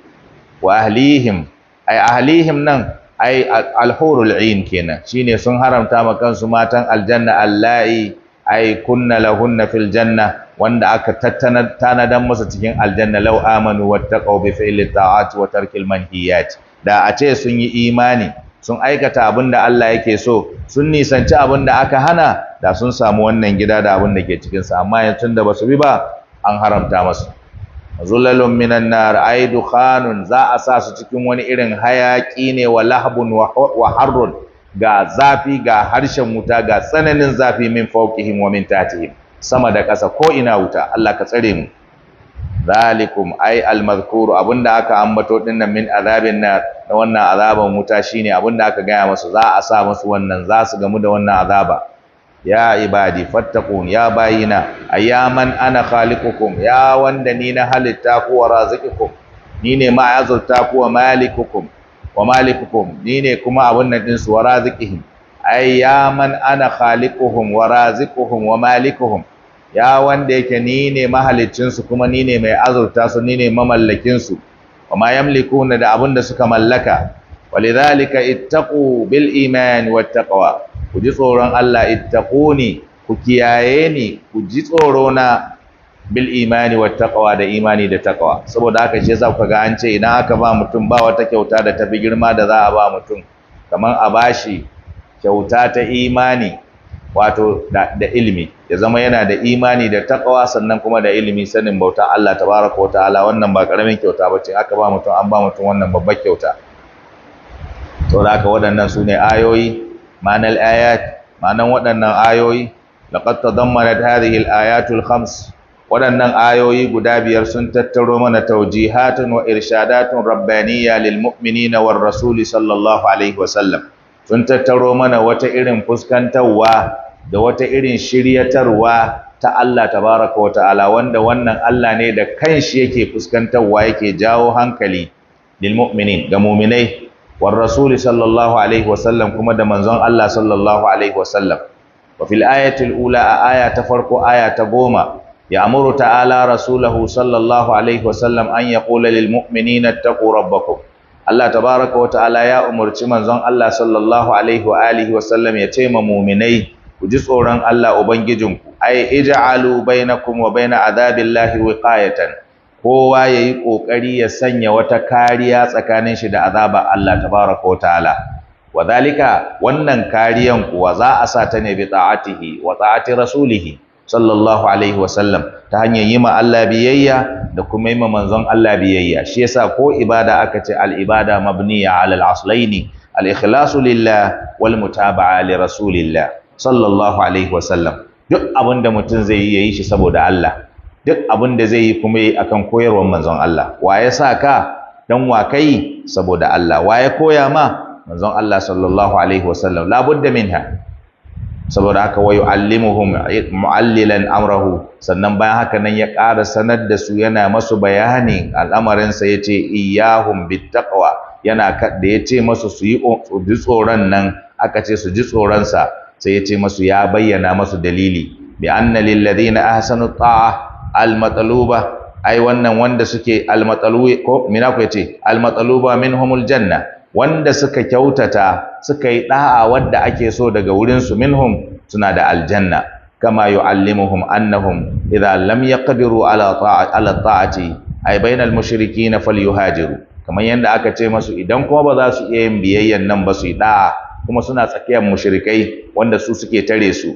wa ahlihim ai ahlihim nan ai alhurul ain kenan shine sun haramta ma kansu matan aljanna allai ai kunna lahunna fil janna wanda aka tattana tanadan masa cikin aljanna law amanu wattaqaw bi fi'li ta'ati wa tarkil manhiyat da a ce sun yi imani sun aikata abin da Allah yake so sun nisanci abin da aka hana da sun samu wannan gida da abin da ke cikin sa amma yanzu da basu bi ba an haramta masu zulalun minan nar ay dukhanun za a sa su cikin wani irin hayaki ne wa lahbun wa harrun ga zafi ga harshen wuta ga tsananin zafi min fawqihim wa min tatihim sama da ƙasa ko ina wuta Allah ka tsare mu zalikum ai mazkur abinda aka ambato din nan min azabin na wannan azaban wuta shine abinda aka gaya masu za a sa masu wannan za su gamu da wannan azaba ya ibadi fattaqun ya bayina ayyaman ana khaliqukum ya wanda ni na halitta ku wa razikukum ni ne ma azurta ku wa malikukum wa malikukum ni ne kuma abun nan din su wa razikihim ayyaman ana khaliquhum wa razikuhum wa malikuhum ya wanda yake ni ne su, kuma ni ne mai azurta su ni ne mamallakinsu wa ma yamlikuna da abun da suka mallaka walizalika ittaqu bil iman wat taqwa ku ji tsoron Allah ittaquni ku kiyaye ni ku ji tsoro na bil imani wat taqwa da imani da taqwa saboda haka shi yasa kuka ga an ce idan aka ba mutum ba wata kyauta da tafi girma da za a ba mutum kamar a bashi kyauta ta imani wato da, da ilimi ya zama yana da imani da takawa sannan kuma da ilimi sanin bauta Allah tabaraka wataala wannan ba karamin kyauta ba ce aka ba mutum an ba mutum wannan babbar kyauta saboda haka waɗannan su ne ayoyi ma'anar ayat ma'anar waɗannan ayoyi laqad tadammanat hadhihi al-ayatul khams waɗannan ayoyi guda biyar sun tattaro mana taujihatun wa irshadatun rabbaniyya lil mu'minina war rasuli sallallahu alaihi wasallam sun tattaro mana wata irin fuskantarwa da wata irin shiryatarwa ta Allah tabaraka wa wanda wannan Allah ne da kanshi yake fuskantarwa yake jawo hankali lil mu'minin ga mu'minai war rasul sallallahu alaihi kuma da manzon Allah sallallahu alaihi wa wa fil ayatil ula a aya ta farko aya ta goma ya'muru ta'ala rasulahu sallallahu alaihi wa sallam an yaqula lil mu'minina taqu rabbakum Allah tabaraka ya umurci manzon Allah sallallahu alaihi wa alihi ya ce ma mu'minai ku ji tsoron Allah ubangijinku ai ij'alu bainakum wa baina azabillahi wiqayatan kowa yayi ƙoƙari ya sanya wata kariya tsakanin shi da azabar Allah tabaraka wa ta'ala wannan kariyan kuwa za a sa ta ne bi ta'atihi wa ta'ati rasulihi sallallahu alaihi wa sallam ta hanyar yi ma Allah biyayya da kuma yi ma manzon Allah biyayya shi yasa ko ibada aka ce al ibada mabniya alal aslaini al ikhlasu lillah wal mutaba'a li rasulillah sallallahu alaihi wasallam duk abin da mutum zai yi ya yi shi saboda Allah duk abin da zai yi kuma yi akan koyarwar manzon Allah wa ya sa ka dan wa kai saboda Allah wa ya koya ma manzon Allah sallallahu alaihi wasallam labudda minha saboda haka wayu allimuhum mu'allilan amrahu sannan bayan haka nan ya ƙara sanar da su yana masu bayani al'amarin sa yace iyyahum bittaqwa yana da yace masu su yi tsoron nan aka ce su ji tsoron sa sai ya ce masu ya bayyana masu dalili bi anna lil ladina ahsanu ta'a al matluba ai wannan wanda suke al matlubi ko mina ku yace al minhumul janna wanda suka kyautata suka yi da'a wadda ake so daga wurin su minhum suna da aljanna kama yu'allimuhum annahum idza lam yaqdiru ala ta'ati ala ta'ati ai bainal mushrikin falyuhajiru kamar yadda aka ce masu idan kuma ba za su iya yin biyayyan nan ba su yi da'a kuma suna tsakiyar mushrikai wanda su suke tare su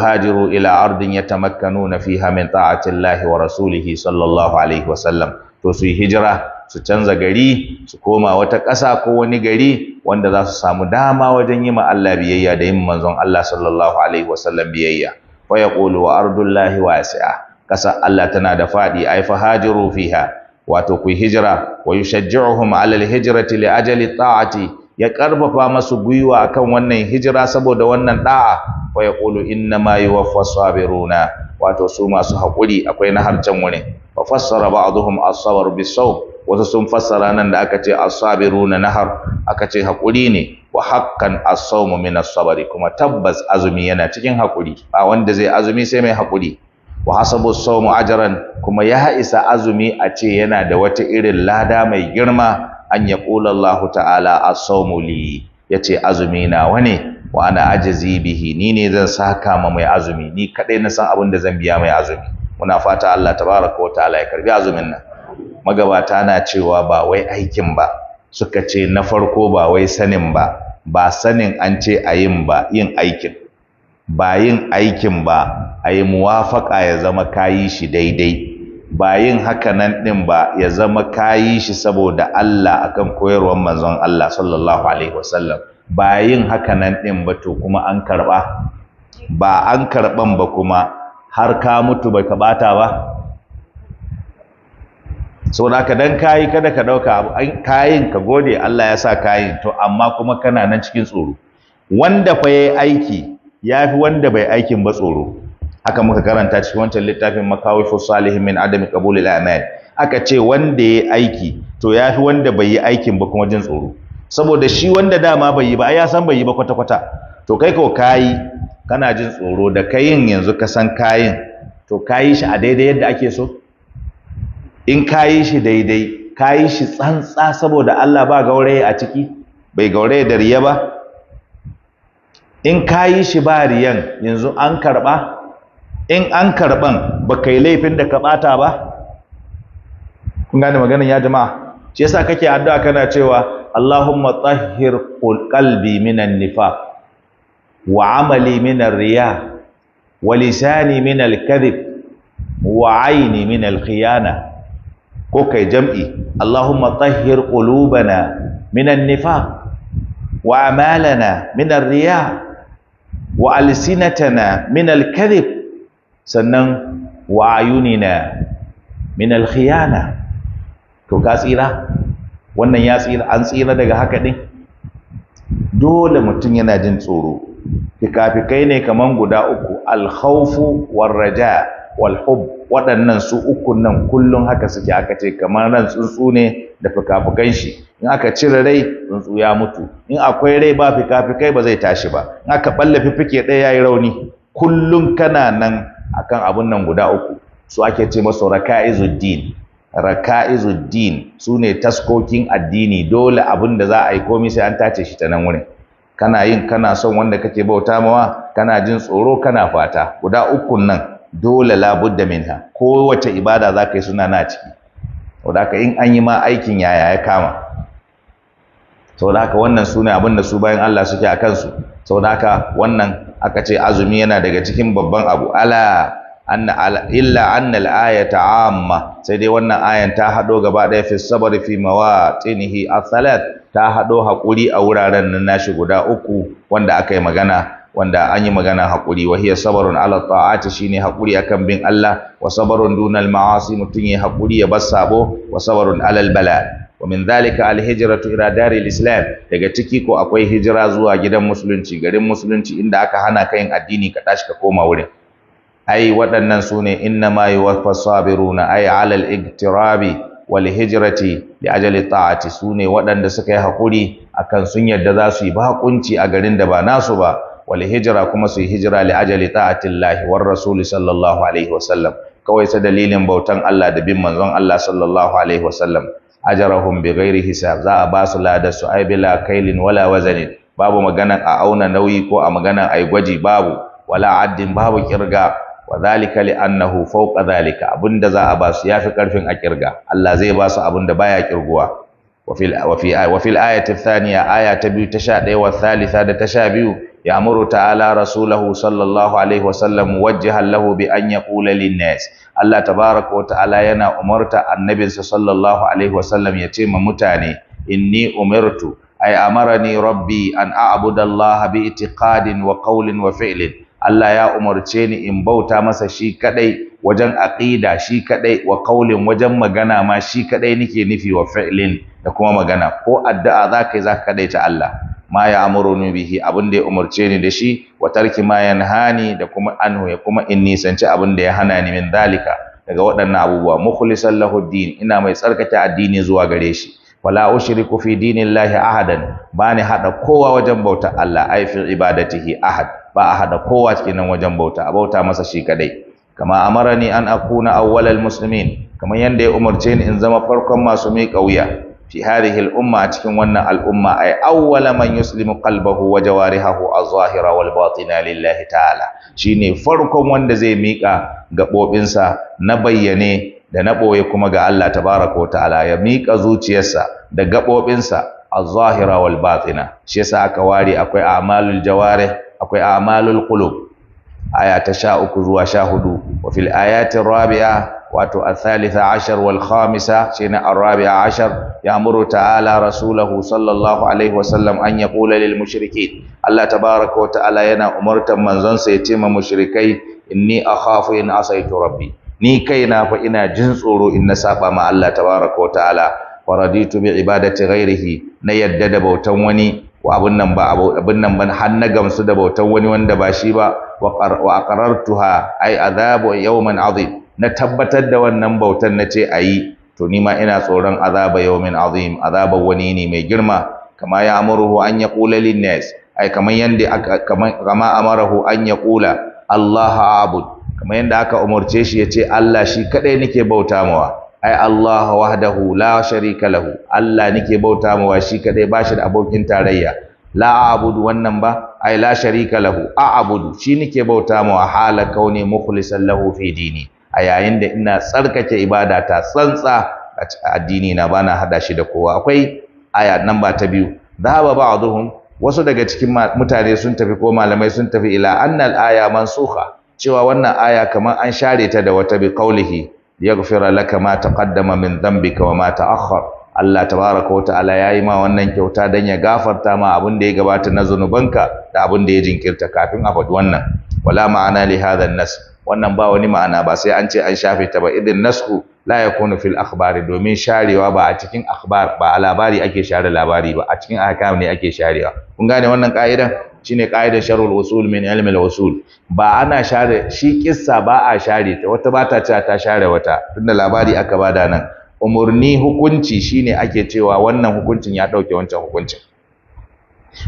hajiru ila ardin yatamakkanuna fiha min ta'ati wa rasulihi sallallahu alaihi wasallam to su hijira su canza gari su koma wata ƙasa ko wani gari wanda za su samu dama wajen yi ma Allah biyayya da yin manzon Allah sallallahu alaihi wasallam biyayya wa yaqulu wa ardullahi wasi'a ƙasa Allah tana da fadi ai fahajiru fiha wato ku hijira wa yushajji'uhum ala al-hijrati li ajali ta'ati ya karfafa masu gwiwa akan wannan hijira saboda wannan da'a fa yaqulu inna ma yuwaffa sabiruna wato su masu hakuri akwai na harcan wurin fa fassara ba'dhum as-sabr bis wasu sun fassara nan da aka ce as-sabiruna nahar aka ce hakuri ne wa haqqan as-sawmu min as-sabri kuma tabbas azumi yana cikin hakuri ba wanda zai azumi sai mai hakuri wa hasabu as-sawmu ajran kuma ya isa azumi a ce yana da wata irin lada mai girma an ƙula Allah ta'ala a saumuli ya yace azumi na wani wa ana ajizi bihi ni ne zan saka ma mai azumi ni kaɗai na san abin da zan biya mai azumi muna fata Allah ta ko ta ta'ala ya karbi azumin nan magabata na cewa ba wai aikin ba suka ce na farko ba wai sanin ba ba sanin an ce a yin ba yin aikin ba yin aikin ba a yi muwafaka ya zama kayi shi daidai ba yin haka nan ɗin ba ya zama kayi shi saboda Allah akan koyarwar manzon Allah sallallahu alaihi wasallam ba yin haka nan ɗin ba to kuma an karɓa ba an karɓan ba kuma har ka mutu bai kaɓata ba na ka dan kayi kada ka ɗauka kayin ka gode Allah ya sa kayin to amma kuma kana nan cikin tsoro wanda fa yayi aiki yafi wanda bai aikin ba tsoro haka muka karanta cikin wancan littafin makawishu salihin min adami qabulil a'mal aka ce wanda yayi aiki to yafi wanda bai yi aikin ba kuma jin tsoro saboda shi wanda dama bai yi ba ai ya san bai yi ba kwata kwata to kai ko kayi kana jin tsoro da kayin yanzu ka san kayin to kayi shi a daidai yadda ake so in kayi shi daidai kayi shi tsantsa saboda Allah ba gauraye a ciki bai gauraye da riya ba in kayi shi ba riyan yanzu an karba in an karban ba kai laifin da ka bata ba kun gane maganin ya jama'a shi yasa kake addu'a kana cewa Allahumma tahhir qalbi minan nifaq wa amali minar riya wa lisani minal kadhib wa aini minal khiyana ko kai jam'i Allahumma tahhir qulubana minan nifaq wa amalana minar riya wa alsinatana minal kadhib sannan wa ayunina min alkhiyana to ka tsira wannan ya tsira an tsira daga haka din dole mutum yana jin tsoro fikafikai ne kaman guda uku alkhawfu wal hub waɗannan su uku nan kullun haka suke aka ce kamar ran tsuntsu ne da fikafikan shi in aka cire rai tsuntsu ya mutu in akwai rai ba fikafikai ba zai tashi ba in aka balle fifike ɗaya yayi rauni kullum kana nan akan abun nan guda uku su ake ce masu raka'izuddin raka'izuddin su ne taskokin addini dole abun da za a yi komai sai an tace shi ta nan wurin kana yin kana son wanda kake bauta mawa kana jin tsoro kana fata guda ukun nan dole labudda minha kowace ibada za ka yi suna na ciki saboda haka in an yi ma aikin yaya ya kama saboda haka wannan su ne abin da su bayan Allah suke a kansu saboda haka wannan aka ce azumi yana daga cikin babban abu ala anna illa anna al-ayata amma sai dai wannan ayan ta hado gaba daya fi sabr fi mawatinihi athalat ta hado hakuri a wuraren nan nashi guda uku wanda aka yi magana wanda an yi magana hakuri wa hiya sabrun ala ta'ati shine hakuri akan bin Allah wa sabrun dunal ma'asi mutun ya hakuri ya bar sabo wa sabrun alal bala wa min zalika alhijratu ila daril islam daga ciki ko akwai hijira zuwa gidan musulunci garin musulunci inda aka hana ka yin addini ka tashi ka koma wurin ai waɗannan sune inna ma yuwaffa sabiruna ai ala al-iktirabi wal hijrati li ajali ta'ati sune waɗanda suka yi hakuri akan sun yadda za su yi hakunci a garin da ba nasu ba wal hijra kuma su yi hijira li ajali ta'atillahi war rasul sallallahu alaihi wasallam kawai sa dalilin bautan Allah da bin manzon Allah sallallahu alaihi wasallam ajarahum bi ghairi hisab za a ba su ladar su ai bila kailin wala wazanin babu magana a auna nauyi ko a magana ai gwaji babu wala addin babu kirga wa zalika li annahu fawqa za a ba su yafi karfin a kirga Allah zai ba su abunda baya kirguwa wa fil wa fi wa fil ayati thaniya aya ta biyu ta 11 wa thalitha da ta biyu. يأمر تعالى رسوله صلى الله عليه وسلم وجها له بأن يقول للناس الله تبارك وتعالى ينا أمرت النبي صلى الله عليه وسلم يتم متاني إني أمرت أي أمرني ربي أن أعبد الله بإتقاد وقول وفعل الله يا أمرتني إن بوتا مسا شي كدي وجن أقيدا شي كدي وقول وجن مغنى ما شي كدي نكي نفي وفعل نكوما مغنى هو ko addu'a zaka yi zaka ma ya amuruni bihi abin da ya umarce ni da shi wa tarki ma yanhani da kuma anhu ya kuma in nisanci abin da ya hana ni min dalika daga waɗannan abubuwa mukhlisan lahu din ina mai tsarkake addini zuwa gare shi wala ushriku fi dinillahi ahadan bani hada kowa wajen bautar Allah ai fi ibadatihi ahad ba a hada kowa cikin wajen bauta a bauta masa shi kadai kama amarani an akuna awwalal muslimin kamar yanda ya umarce ni in zama farkon masu miƙa wuya fi hadhihi al-umma a cikin wannan al'umma ay awwala man yuslimu qalbahu wa jawarihahu az-zahira wal batina lillahi ta'ala shine farkon wanda zai mika gabobinsa na bayyane da na boye kuma ga Allah tabaraka ta'ala ya mika zuciyarsa da gabobinsa az-zahira wal batina shi yasa aka ware akwai a'malul jawarih akwai a'malul qulub aya ta 13 zuwa 14 wa fil ayati rabi'a wato athalitha ashar wal khamisa shine arabi'a ashar ya'muru ta'ala rasulahu sallallahu alaihi wasallam an yaqula lil Allah tabaraka wa yana umartan manzonsa ya ce ma mushrikai inni akhafu in asaitu rabbi ni kaina fa ina jin tsoro in na saba ma Allah tabaraka wa ta'ala wa raditu bi ibadati ghairihi na yadda da bautan wani wa abun nan ba abun nan ban har na gamsu da bautan wani wanda ba shi ba wa aqarartuha ay adhabu yawman azim na tabbatar da wannan bautan na ce a yi to ni ma ina tsoron azaba yawmin azim azabar wani ne mai girma kama ya amuruhu an ya kula linnas ai kamar yanda kama amarahu an ya kula Allah abud kamar yanda aka umarce shi ya ce Allah shi kadai nake bauta mawa ai Allah wahdahu la sharika lahu Allah nake bauta mawa shi kadai bashi da abokin tarayya la abudu wannan ba ai la sharika lahu a abudu shi nake bauta mawa hala kauni mukhlisan lahu fi dini a yayin da ina tsarkake ibada ta tsantsa a addini na bana hada shi da kowa akwai aya namba ta biyu dhaba ba'dhum wasu daga cikin mutane sun tafi ko malamai sun tafi ila annal aya mansuha cewa wannan aya kamar an share ta da wata bi qaulihi yaghfir laka ma taqaddama min dhanbika wa ma ta'akhkhar Allah tabaraka wa ta'ala yayi ma wannan kyauta dan ya gafarta ma abin da ya gabata na zanubanka da abin da ya jinkirta kafin a faɗi wannan wala ma'ana li hadha nas wannan ba wani ma'ana ba sai an ce an shafe ta ba idin nasku la yakunu fil akhbari domin sharewa ba a cikin akhbar ba a labari ake share labari ba a cikin ahkam ne ake sharewa kun gane wannan ka'idan shine ka'idar sharhul usul min ilmi usul ba ana share shi kissa ba a share ta wata ba ta cewa ta share wata tunda labari aka bada nan umurni hukunci shine ake cewa wannan hukuncin ya dauke wancan hukuncin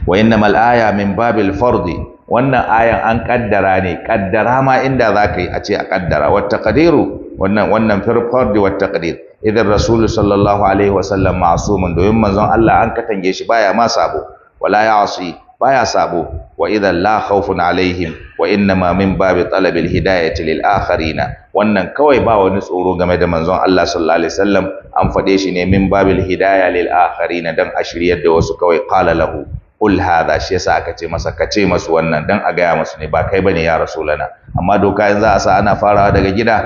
wa innamal aya min babil fardi wannan ayan an kaddara ne kaddara ma inda za ka yi a ce a kaddara wata kadiru wannan wannan firfar da wata kadir idan rasulu sallallahu alaihi wasallam domin manzon Allah an katange shi baya ma sabo wala ya asi baya sabo wa idan la khawfun alaihim wa inna ma min babi talabil hidayati lil akharina wannan kawai ba wani tsoro game da manzon Allah sallallahu alaihi wasallam an fade shi ne min babil hidaya lil akharina dan a shiryar da wasu kawai qala lahu qul hadha shi yasa aka ce masa ka ce masu wannan dan a gaya masu ne ba kai bane ya rasulana amma doka yanzu a sa ana farawa daga gida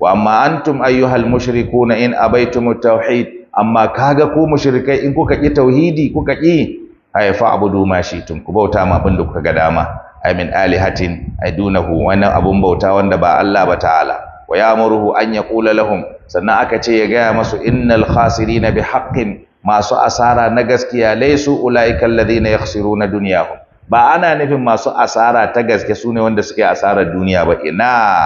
wa amma antum ayyuhal mushrikuna in abaitum tauhid amma kaga ku mushrikai in kuka ki tauhidi kuka ki ay fa'budu ma shi'tum ku bauta ma abin da kuka ga dama ay min alihatin ay dunahu wannan abun bauta wanda ba Allah ba ta'ala wa ya'muruhu an yaqula lahum sannan aka ce ya gaya masu innal khasirina bihaqqin masu asara na gaskiya laisu ulaiikal ladina yakhsiruna dunyahum ba ana nufin masu asara ta gaske sune wanda suke asarar duniya ba ina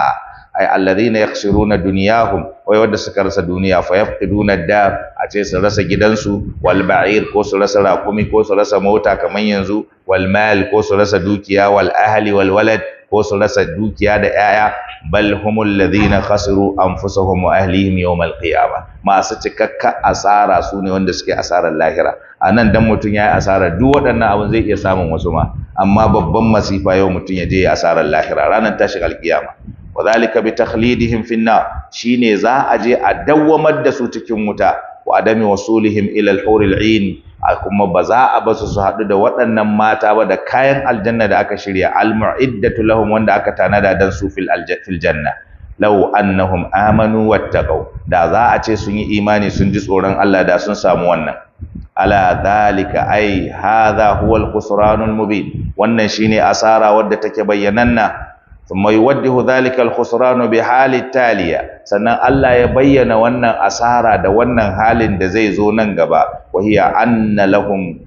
ay alladhina yakhsiruna dunyahum wai wanda suka rasa duniya fa yafqiduna da a ce su rasa gidansu wal ba'ir ko su rasa raƙumi ko su rasa mota kaman yanzu wal mal ko su rasa dukiya wal ahli wal walad ko su rasa dukiya da 'ya'ya bal humul Kasiru, khasiru anfusahum wa ahlihim yawmal qiyama masu cikakka asara su ne wanda suke asarar lahira a nan dan mutum ya yi asara duk waɗannan abin zai iya samun wasu ma amma babban masifa yau mutum ya je ya asarar lahira ranar tashin alkiyama wa zalika bi takhlidihim finna shine za a je a dawwamar da su cikin wuta wa adami wasulihim ila al-huril 'ain kuma ba za a basu su haɗu da waɗannan mata ba da kayan aljanna da aka shirya al-mu'iddatu lahum wanda aka tanada dan su fil janna law annahum amanu wattaqaw da za a ce sun yi imani sun ji tsoron Allah da sun samu wannan ala dhalika ai hadha huwa al-khusran mubin wannan shine asara wadda take bayyananna thumma yuwaddihu dhalika al-khusran bi hali taliya sannan Allah ya bayyana wannan asara da wannan halin da zai zo nan gaba wa hiya anna lahum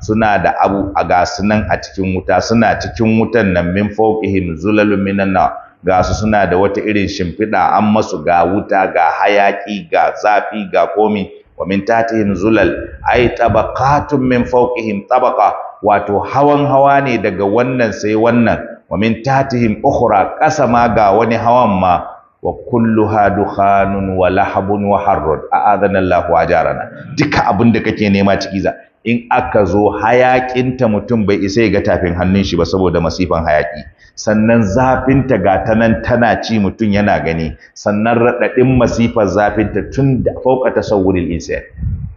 suna da abu a gasu nan a cikin wuta suna cikin wutan nan gasu ga su suna da wata irin shimfiɗa an masu ga wuta ga hayaki ga zafi ga komi wa min tatihim zulal ai tabaqatun min fawqihim tabaqa wato hawan hawa ne daga wannan sai wannan wa min tatihim ukhra kasa ma ga wani hawan ma wa kulluha dukhanun wa lahabun wa harrun a'adana Allah wa jarana duka abin da kake nema ciki za in aka zo hayakinta mutum bai isa ga tafin hannun shi ba saboda masifan hayaki sannan zafinta ga ta nan tana ci mutum yana gani sannan raɗaɗin masifar zafinta tun da fauka tasawwuril insan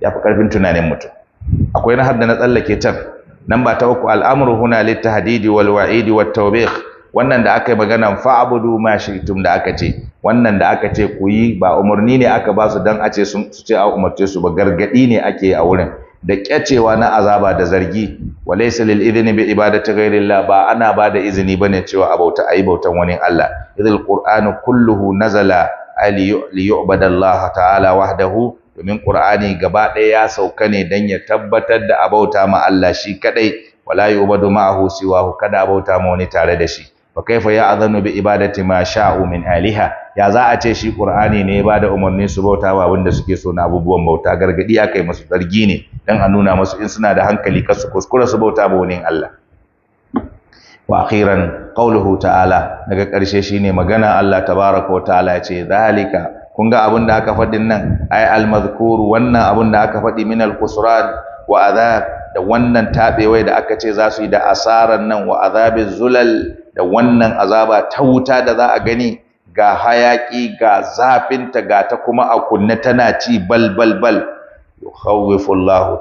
ya fi karfin tunanin mutum akwai na hadda na tsallake can nan ba ta uku al'amru huna lit tahdidi wal wa'idi wat wannan da aka yi maganan fa'abudu ma shi'tum da aka ce wannan da aka ce ku yi ba umarni ne aka ba su dan a ce su ce a umarce su ba gargadi ne ake a wurin da kyacewa na azaba da zargi wa laysa lil idhni bi ibadati ghayrillah ba ana ba da izini bane cewa a bauta ayi bautan wani Allah idhil qur'anu kulluhu nazala li Allah ta'ala wahdahu domin qur'ani gaba ɗaya ya sauka ne dan ya tabbatar da abauta ma Allah shi kadai wala yu'badu ma'ahu siwahu kada abauta ma wani tare da shi fa kaifa ya adhanu bi ibadati ma sha'u min aliha ya za a ce shi qur'ani ne ya da umarni su bauta wa abinda suke so na abubuwan bauta gargadi akai musu zargi ne dan a nuna musu in suna da hankali kar su kuskura su bauta ba wani Allah wa akhiran qawluhu ta'ala daga ƙarshe shine magana Allah ta wa ta'ala yace zalika kun ga abin da aka faɗi nan ay al madhkur wannan abin da aka faɗi min al qusran wa da wannan taɓewar da aka ce za su yi da asaran nan wa adhabiz zulal da wannan azaba ta wuta da za a gani ga hayaƙi ga zafinta ga ta kuma a kunne tana ci bal bal bal yukhawifu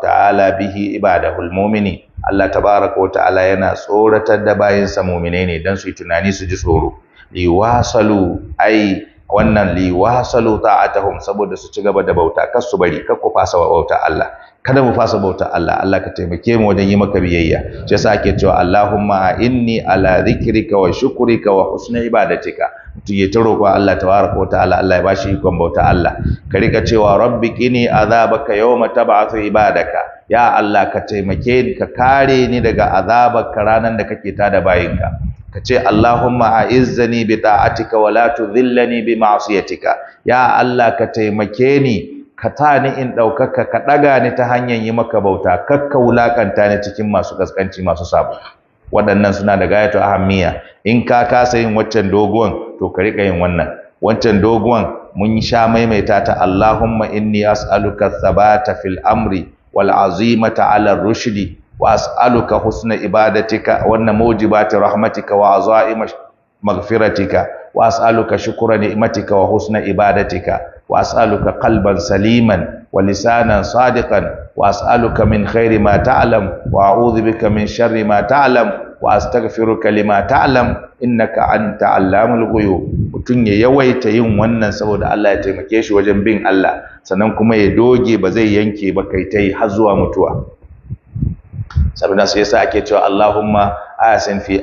ta'ala bihi ibadahu almu'mini Allah tabaraka wa ta'ala yana tsoratar da bayinsa mu'minai ne dan su tunani su ji tsoro liwasalu ai wannan liwasalu ta'atuhum saboda su ci gaba da bauta kar su bari kar ku fasa bauta Allah kada mu fasa bauta Allah Allah ka taimake mu wajen yi maka biyayya shi yasa ake cewa Allahumma inni ala dhikrika wa shukrika wa husni ibadatika mutum ya taro ko Allah tabaraka wa ta'ala Allah ya bashi ikon bauta Allah ka rika cewa rabbi ni azabaka yawma tab'athu ibadaka ya Allah ka taimake ni ka kare ni daga ka ranan da kake tada bayinka ka ce Allahumma a'izzani bi ta'atika wa la tudhillani bi ma'siyatika ya Allah ka taimake ni ka ta ni in ɗaukaka ka ɗaga ni ta hanyar yi maka bauta kakka wulaƙanta ni cikin masu ƙasƙanci masu sabo waɗannan suna da gayatu ahammiya in ka kasa yin waccan doguwan to ka riƙa yin wannan wancan doguwan mun sha maimaita ta Allahumma inni as'aluka thabata fil amri wal azimata ala rushdi wa as'aluka husna ibadatika wa mawjibati rahmatika wa azaima maghfiratika wa as'aluka shukra ni'matika wa husna ibadatika وأسألك قلبا سليما ولسانا صادقا وأسألك من خير ما تعلم وأعوذ بك من شر ما تعلم وأستغفرك لما تعلم إنك أنت علام الغيوب mutum ya yawaita yin wannan saboda Allah ya taimake shi wajen bin Allah sannan kuma ya doge ba zai yanke ba kai tai har zuwa mutuwa saboda su yasa ake cewa Allahumma ahsin fi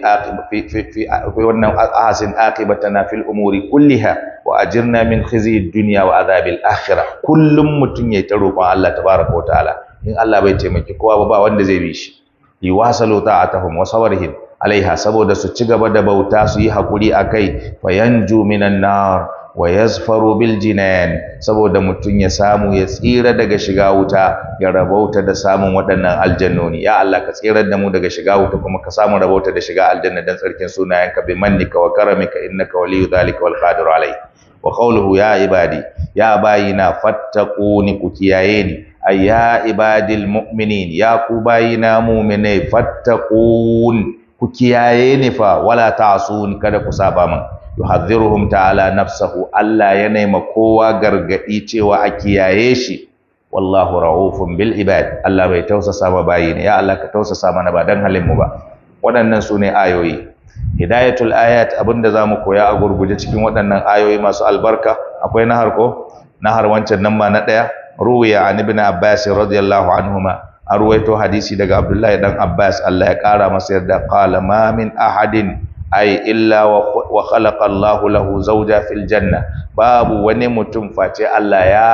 fi wannan ahsin aqibatana fil umuri kulliha a ajirna min khizyi duniya wa adhabil akhirah kullum mutun yayi ta roƙon Allah tabaraka wa ta'ala in Allah bai taimaki kowa ba wanda zai bi shi Yi liwasalu ta'atahum wa sawarihim alaiha saboda su ci gaba da bauta su yi hakuri akai fayanju minan nar wa yazfaru bil jinan saboda mutum ya samu ya tsira daga shiga wuta ya rabauta da samun waɗannan aljannoni ya Allah ka tsirar da mu daga shiga wuta kuma ka samu rabauta da shiga aljanna dan tsarkin sunayenka bi mannika wa karamika innaka waliyyu dhalika wal qadiru alai wa qawluhu ya ibadi ya bayina fattaquni ku kiyaye ni ay ya ibadil mu'minin ya ku bayina mu'minai fattaqun ku kiyaye fa wala ta'sun kada ku saba min yuhadhiruhum ta'ala nafsahu Allah ya naima kowa gargadi cewa a kiyaye shi wallahu raufun bil ibad Allah bai tausasa ma bayi ne ya Allah ka tausasa mana ba dan halin mu ba waɗannan su ne ayoyi hidayatul ayat abinda zamu koya a gurguje cikin waɗannan ayoyi masu albarka akwai nahar ko nahar wancan nan ma na ɗaya ruwiya an ibn abbas radiyallahu anhuma an ruwaito hadisi daga abdullahi dan abbas allah ya kara masa yarda qala ma min ahadin ai illa wa khalaqa Allahu lahu zawja fil janna babu wani mutum face Allah ya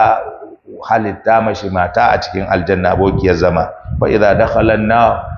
halitta mashi mata a cikin aljanna abokiyar zama fa idza dakhala an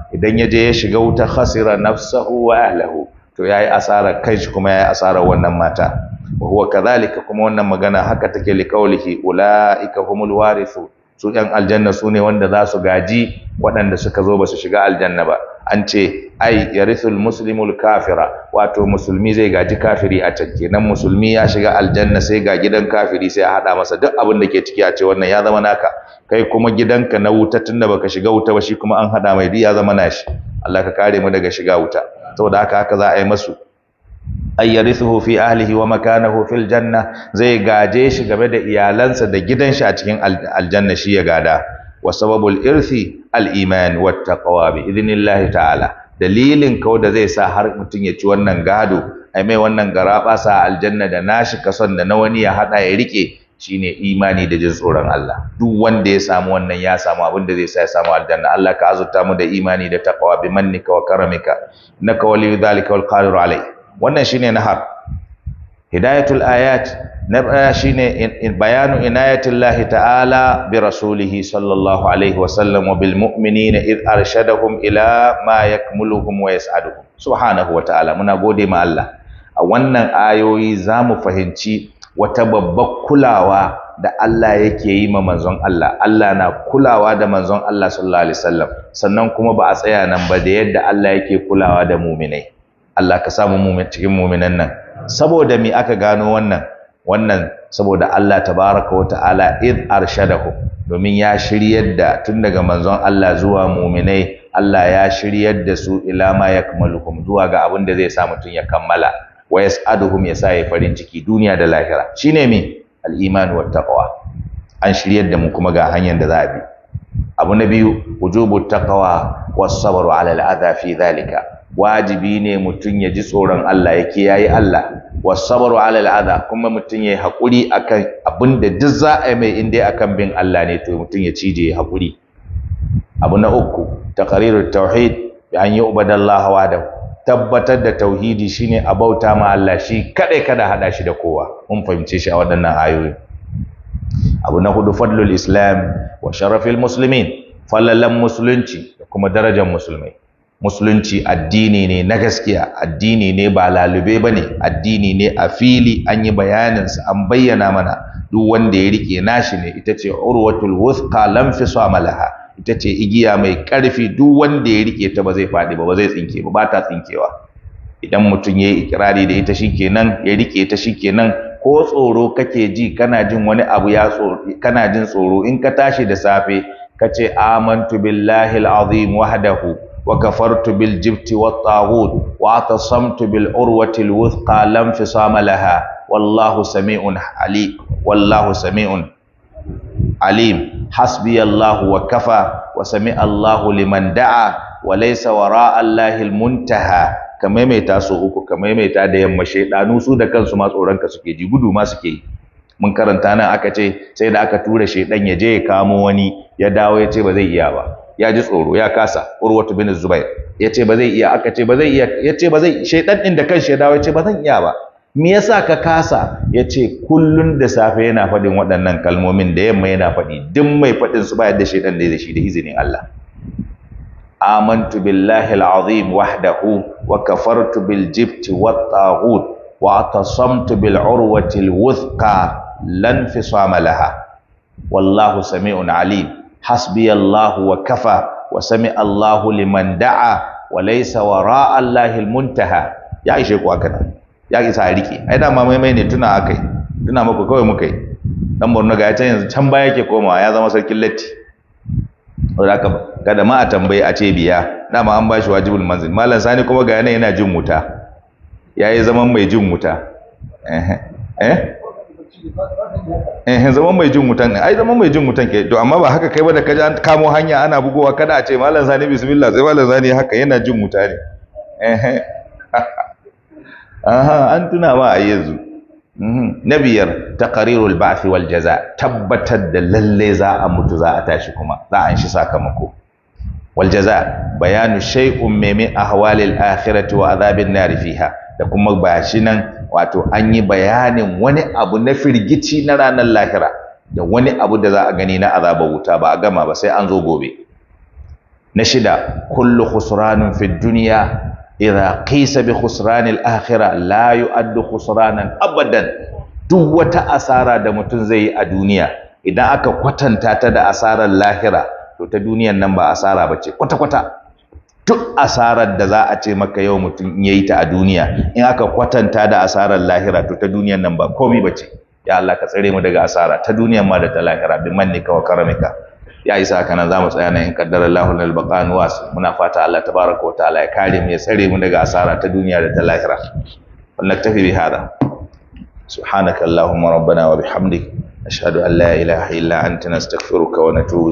idan yaje ya shiga wuta khasira nafsahu wa ahlihi to yayi asara kanshi kuma yayi asara wannan mata wa huwa kadhalika kuma wannan magana haka take li qawlihi ulaika humul warithu su ɗan aljanna su ne wanda za su gaji waɗanda suka zo ba su shiga aljanna ba an ce ai yarithul muslimul kafira wato musulmi zai gaji kafiri a can kenan musulmi ya shiga aljanna sai ga gidan kafiri sai a haɗa masa duk abin da ke ciki a ce wannan ya zama naka kai kuma gidanka na wuta tunda baka shiga wuta ba shi kuma an haɗa mai duk ya zama nashi Allah ka kare mu daga shiga wuta saboda haka haka za a yi masu ayyarisuhu fi ahlihi wa makanahu fil janna zai gaje shi game da iyalansa da gidan shi a cikin aljanna shi ya gada wa sababul irthi al iman wat taqwa bi ta'ala dalilin kau da zai sa har mutun ya ci wannan gado ai mai wannan garaba sa aljanna da nashi kason da na wani ya hada ya rike shine imani da jin tsoron Allah duk wanda ya samu wannan ya samu abinda zai sa ya samu aljanna Allah ka azurta mu da imani da taqwa bi mannika wa karamika naka waliyyu wal qadiru alayhi wannan shine nahar hidayatul ayat na ɗaya shine bayanu inayatillahi ta'ala bi rasulihi sallallahu alaihi wa sallam wa bil mu'minina id arshadahum ila ma yakmuluhum wa yas'aduhum subhanahu wa ta'ala muna gode ma Allah a wannan ayoyi zamu fahimci wata babbar kulawa da Allah yake yi ma manzon Allah Allah na kulawa da manzon Allah sallallahu alaihi wasallam sannan kuma ba a tsaya nan ba da yadda Allah yake kulawa da muminai Allah ka samu cikin muminan nan saboda me aka gano wannan wannan saboda Allah tabaraka wa ta'ala id arshadahu domin ya shiryar da tun daga manzon Allah zuwa muminai Allah ya shiryar da su ila ma yakmalukum zuwa ga abin da zai sa mutum ya kammala wa yas'aduhum ya sa ya farin ciki duniya da lahira shine mi al-iman wa taqwa an shiryar da mu kuma ga hanyar da za a bi abu na biyu wujubu taqwa was sabru ala al-adha fi dhalika wajibi ne mutum ya ji tsoron Allah ya ke yayi Allah sabaru ala al'ada kuma mutum ya yi haƙuri akan abin da duk za a yi mai in dai akan bin Allah ne to mutum ya cije ya haƙuri abu na uku taqrirut tauhid bi an yu'badallah wahdahu tabbatar da tauhidi shine a bauta ma Allah shi kadai kada hada shi da kowa mun fahimce shi a waɗannan ayoyi abu na hudu fadlul islam wa sharafil muslimin falalan musulunci da kuma darajar musulmai musulunci addini ne na gaskiya addini ne ba lalube ba ne addini ne a fili an yi bayaninsa an bayyana mana duk wanda ya rike nashi ne ita ce urwatul wuthqa lam malaha ita ce igiya mai karfi duk wanda ya rike ta ba zai faɗi ba ba zai tsinke ba ba ta tsinkewa idan mutum yayi ikrari da ita shikenan ya rike ta shikenan ko tsoro kake ji kana jin wani abu ya tsoro kana jin tsoro in ka tashi da safe kace amantu billahi al-azim wahdahu وكفرت بالجبت والطاغوت واعتصمت بالعروة الوثقى لا انفصام لها والله سميع عليم والله سميع عليم حسبي الله وكفى وسمع الله لمن دعا وليس وراء الله المنتهى ka maimaita su uku ka maimaita da yamma shaidanu su da kansu ma tsoronka suke ji gudu ma suke yi mun karanta nan aka ce sai da aka tura shaidan ya je ya kamo wani ya dawo ya ce ba zai iya ba ya ji tsoro ya kasa urwatu bin zubair yace ba zai iya aka ce ba zai iya yace ba zai shaydan din da kanshi ya dawo yace ba zan iya ba me yasa ka kasa yace kullun da safe yana faɗin waɗannan kalmomin da yamma yana faɗi duk mai faɗin su ba yadda shaydan da shi da izinin Allah amantu billahi alazim wahdahu wa kafartu bil jibti wat taghut wa atasamtu bil urwati al wuthqa lan fisama laha wallahu sami'un alim hasbiyallahu wa kafa wa sami Allahu liman da'a wa laysa wara Allahil muntaha ya ishe ku haka nan ya isa a rike ai dama maimai ne tuna akai tuna muku kawai muka yi dan Borno ga can yanzu can baya yake komawa ya zama sarkin latti saboda haka kada ma a tambayi a ce biya dama an bashi wajibul manzil malam sani kuma ga yana yana jin wuta Ya yi zaman mai jin wuta eh eh eh zaman mai jin wutan ai zaman mai jin wutan ke to amma ba haka kai ba da kaje an kamo hanya ana bugowa kada a ce malam sani bismillah sai malam sani haka yana jin wuta ne eh [laughs] aha an tuna ma a yanzu mhm. Nabiyar biyar taqrirul ba'th wal jaza tabbatar da lalle za a mutu za a tashi kuma za a shi sakamako wal jaza bayanu shay'un mimi ahwalil akhirati wa adhabin nar fiha da kuma ba shi nan wato an yi bayanin wani abu na firgici na ranar lahira da wani abu da za a gani na azabar wuta ba a gama ba sai an zo gobe na shida kullu khusranun fi dunya idza qisa bi khusranil akhirah la yu'addu khusranan abadan duk wata asara da mutum zai yi a duniya idan aka kwatanta ta da asarar lahira to ta duniyan nan ba asara bace kwata kwata duk asarar da za a ce maka yau mutum in yayi ta a duniya in aka kwatanta da asarar lahira to ta duniyan nan ba komai bace ya Allah ka tsare mu daga asara ta duniyan ma da ta lahira bi mannika wa karamika ya isa haka nan zamu tsaya nan in qaddara Allahu lal baqan was muna fata Allah tabaraka wa ta'ala ya kare mu ya tsare mu daga asara ta duniya da ta lahira wannan tafi bi hada subhanaka allahumma rabbana wa bihamdik ashhadu an la ilaha illa anta nastaghfiruka wa natubu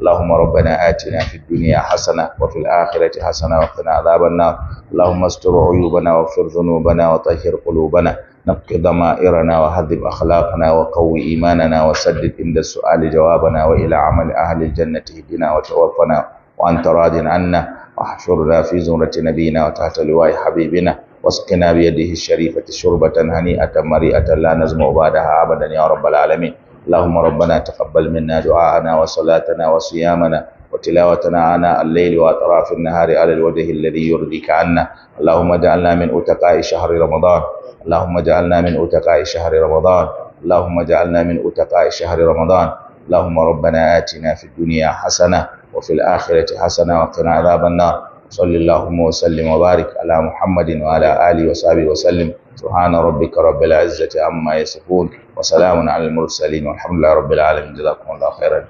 اللهم ربنا آتنا في الدنيا حسنة وفي الآخرة حسنة وقنا عذاب النار اللهم استر عيوبنا واغفر ذنوبنا وطهر قلوبنا نقي ضمائرنا وهذب أخلاقنا وقوي إيماننا وسدد عند السؤال جوابنا وإلى عمل أهل الجنة اهدنا وتوفنا وأنت راض عنا واحشرنا في زمرة نبينا وتحت لواء حبيبنا واسقنا بيده الشريفة شربة هنيئة مريئة لا نزمع بعدها أبدا يا رب العالمين اللهم ربنا تقبل منا دعاءنا وصلاتنا وصيامنا وتلاوتنا آناء الليل وأطراف النهار على الوجه الذي يرضيك عنا اللهم اجعلنا من أتقاء شهر رمضان اللهم اجعلنا من أتقاء شهر رمضان اللهم اجعلنا من أتقاء شهر رمضان اللهم ربنا آتنا في الدنيا حسنة وفي الآخرة حسنة وقنا عذاب النار صلى اللهم وسلم وبارك على محمد وعلى آله وصحبه وسلم سبحان ربك رب العزة عما يصفون وسلام على المرسلين والحمد لله رب العالمين جزاكم الله خيرا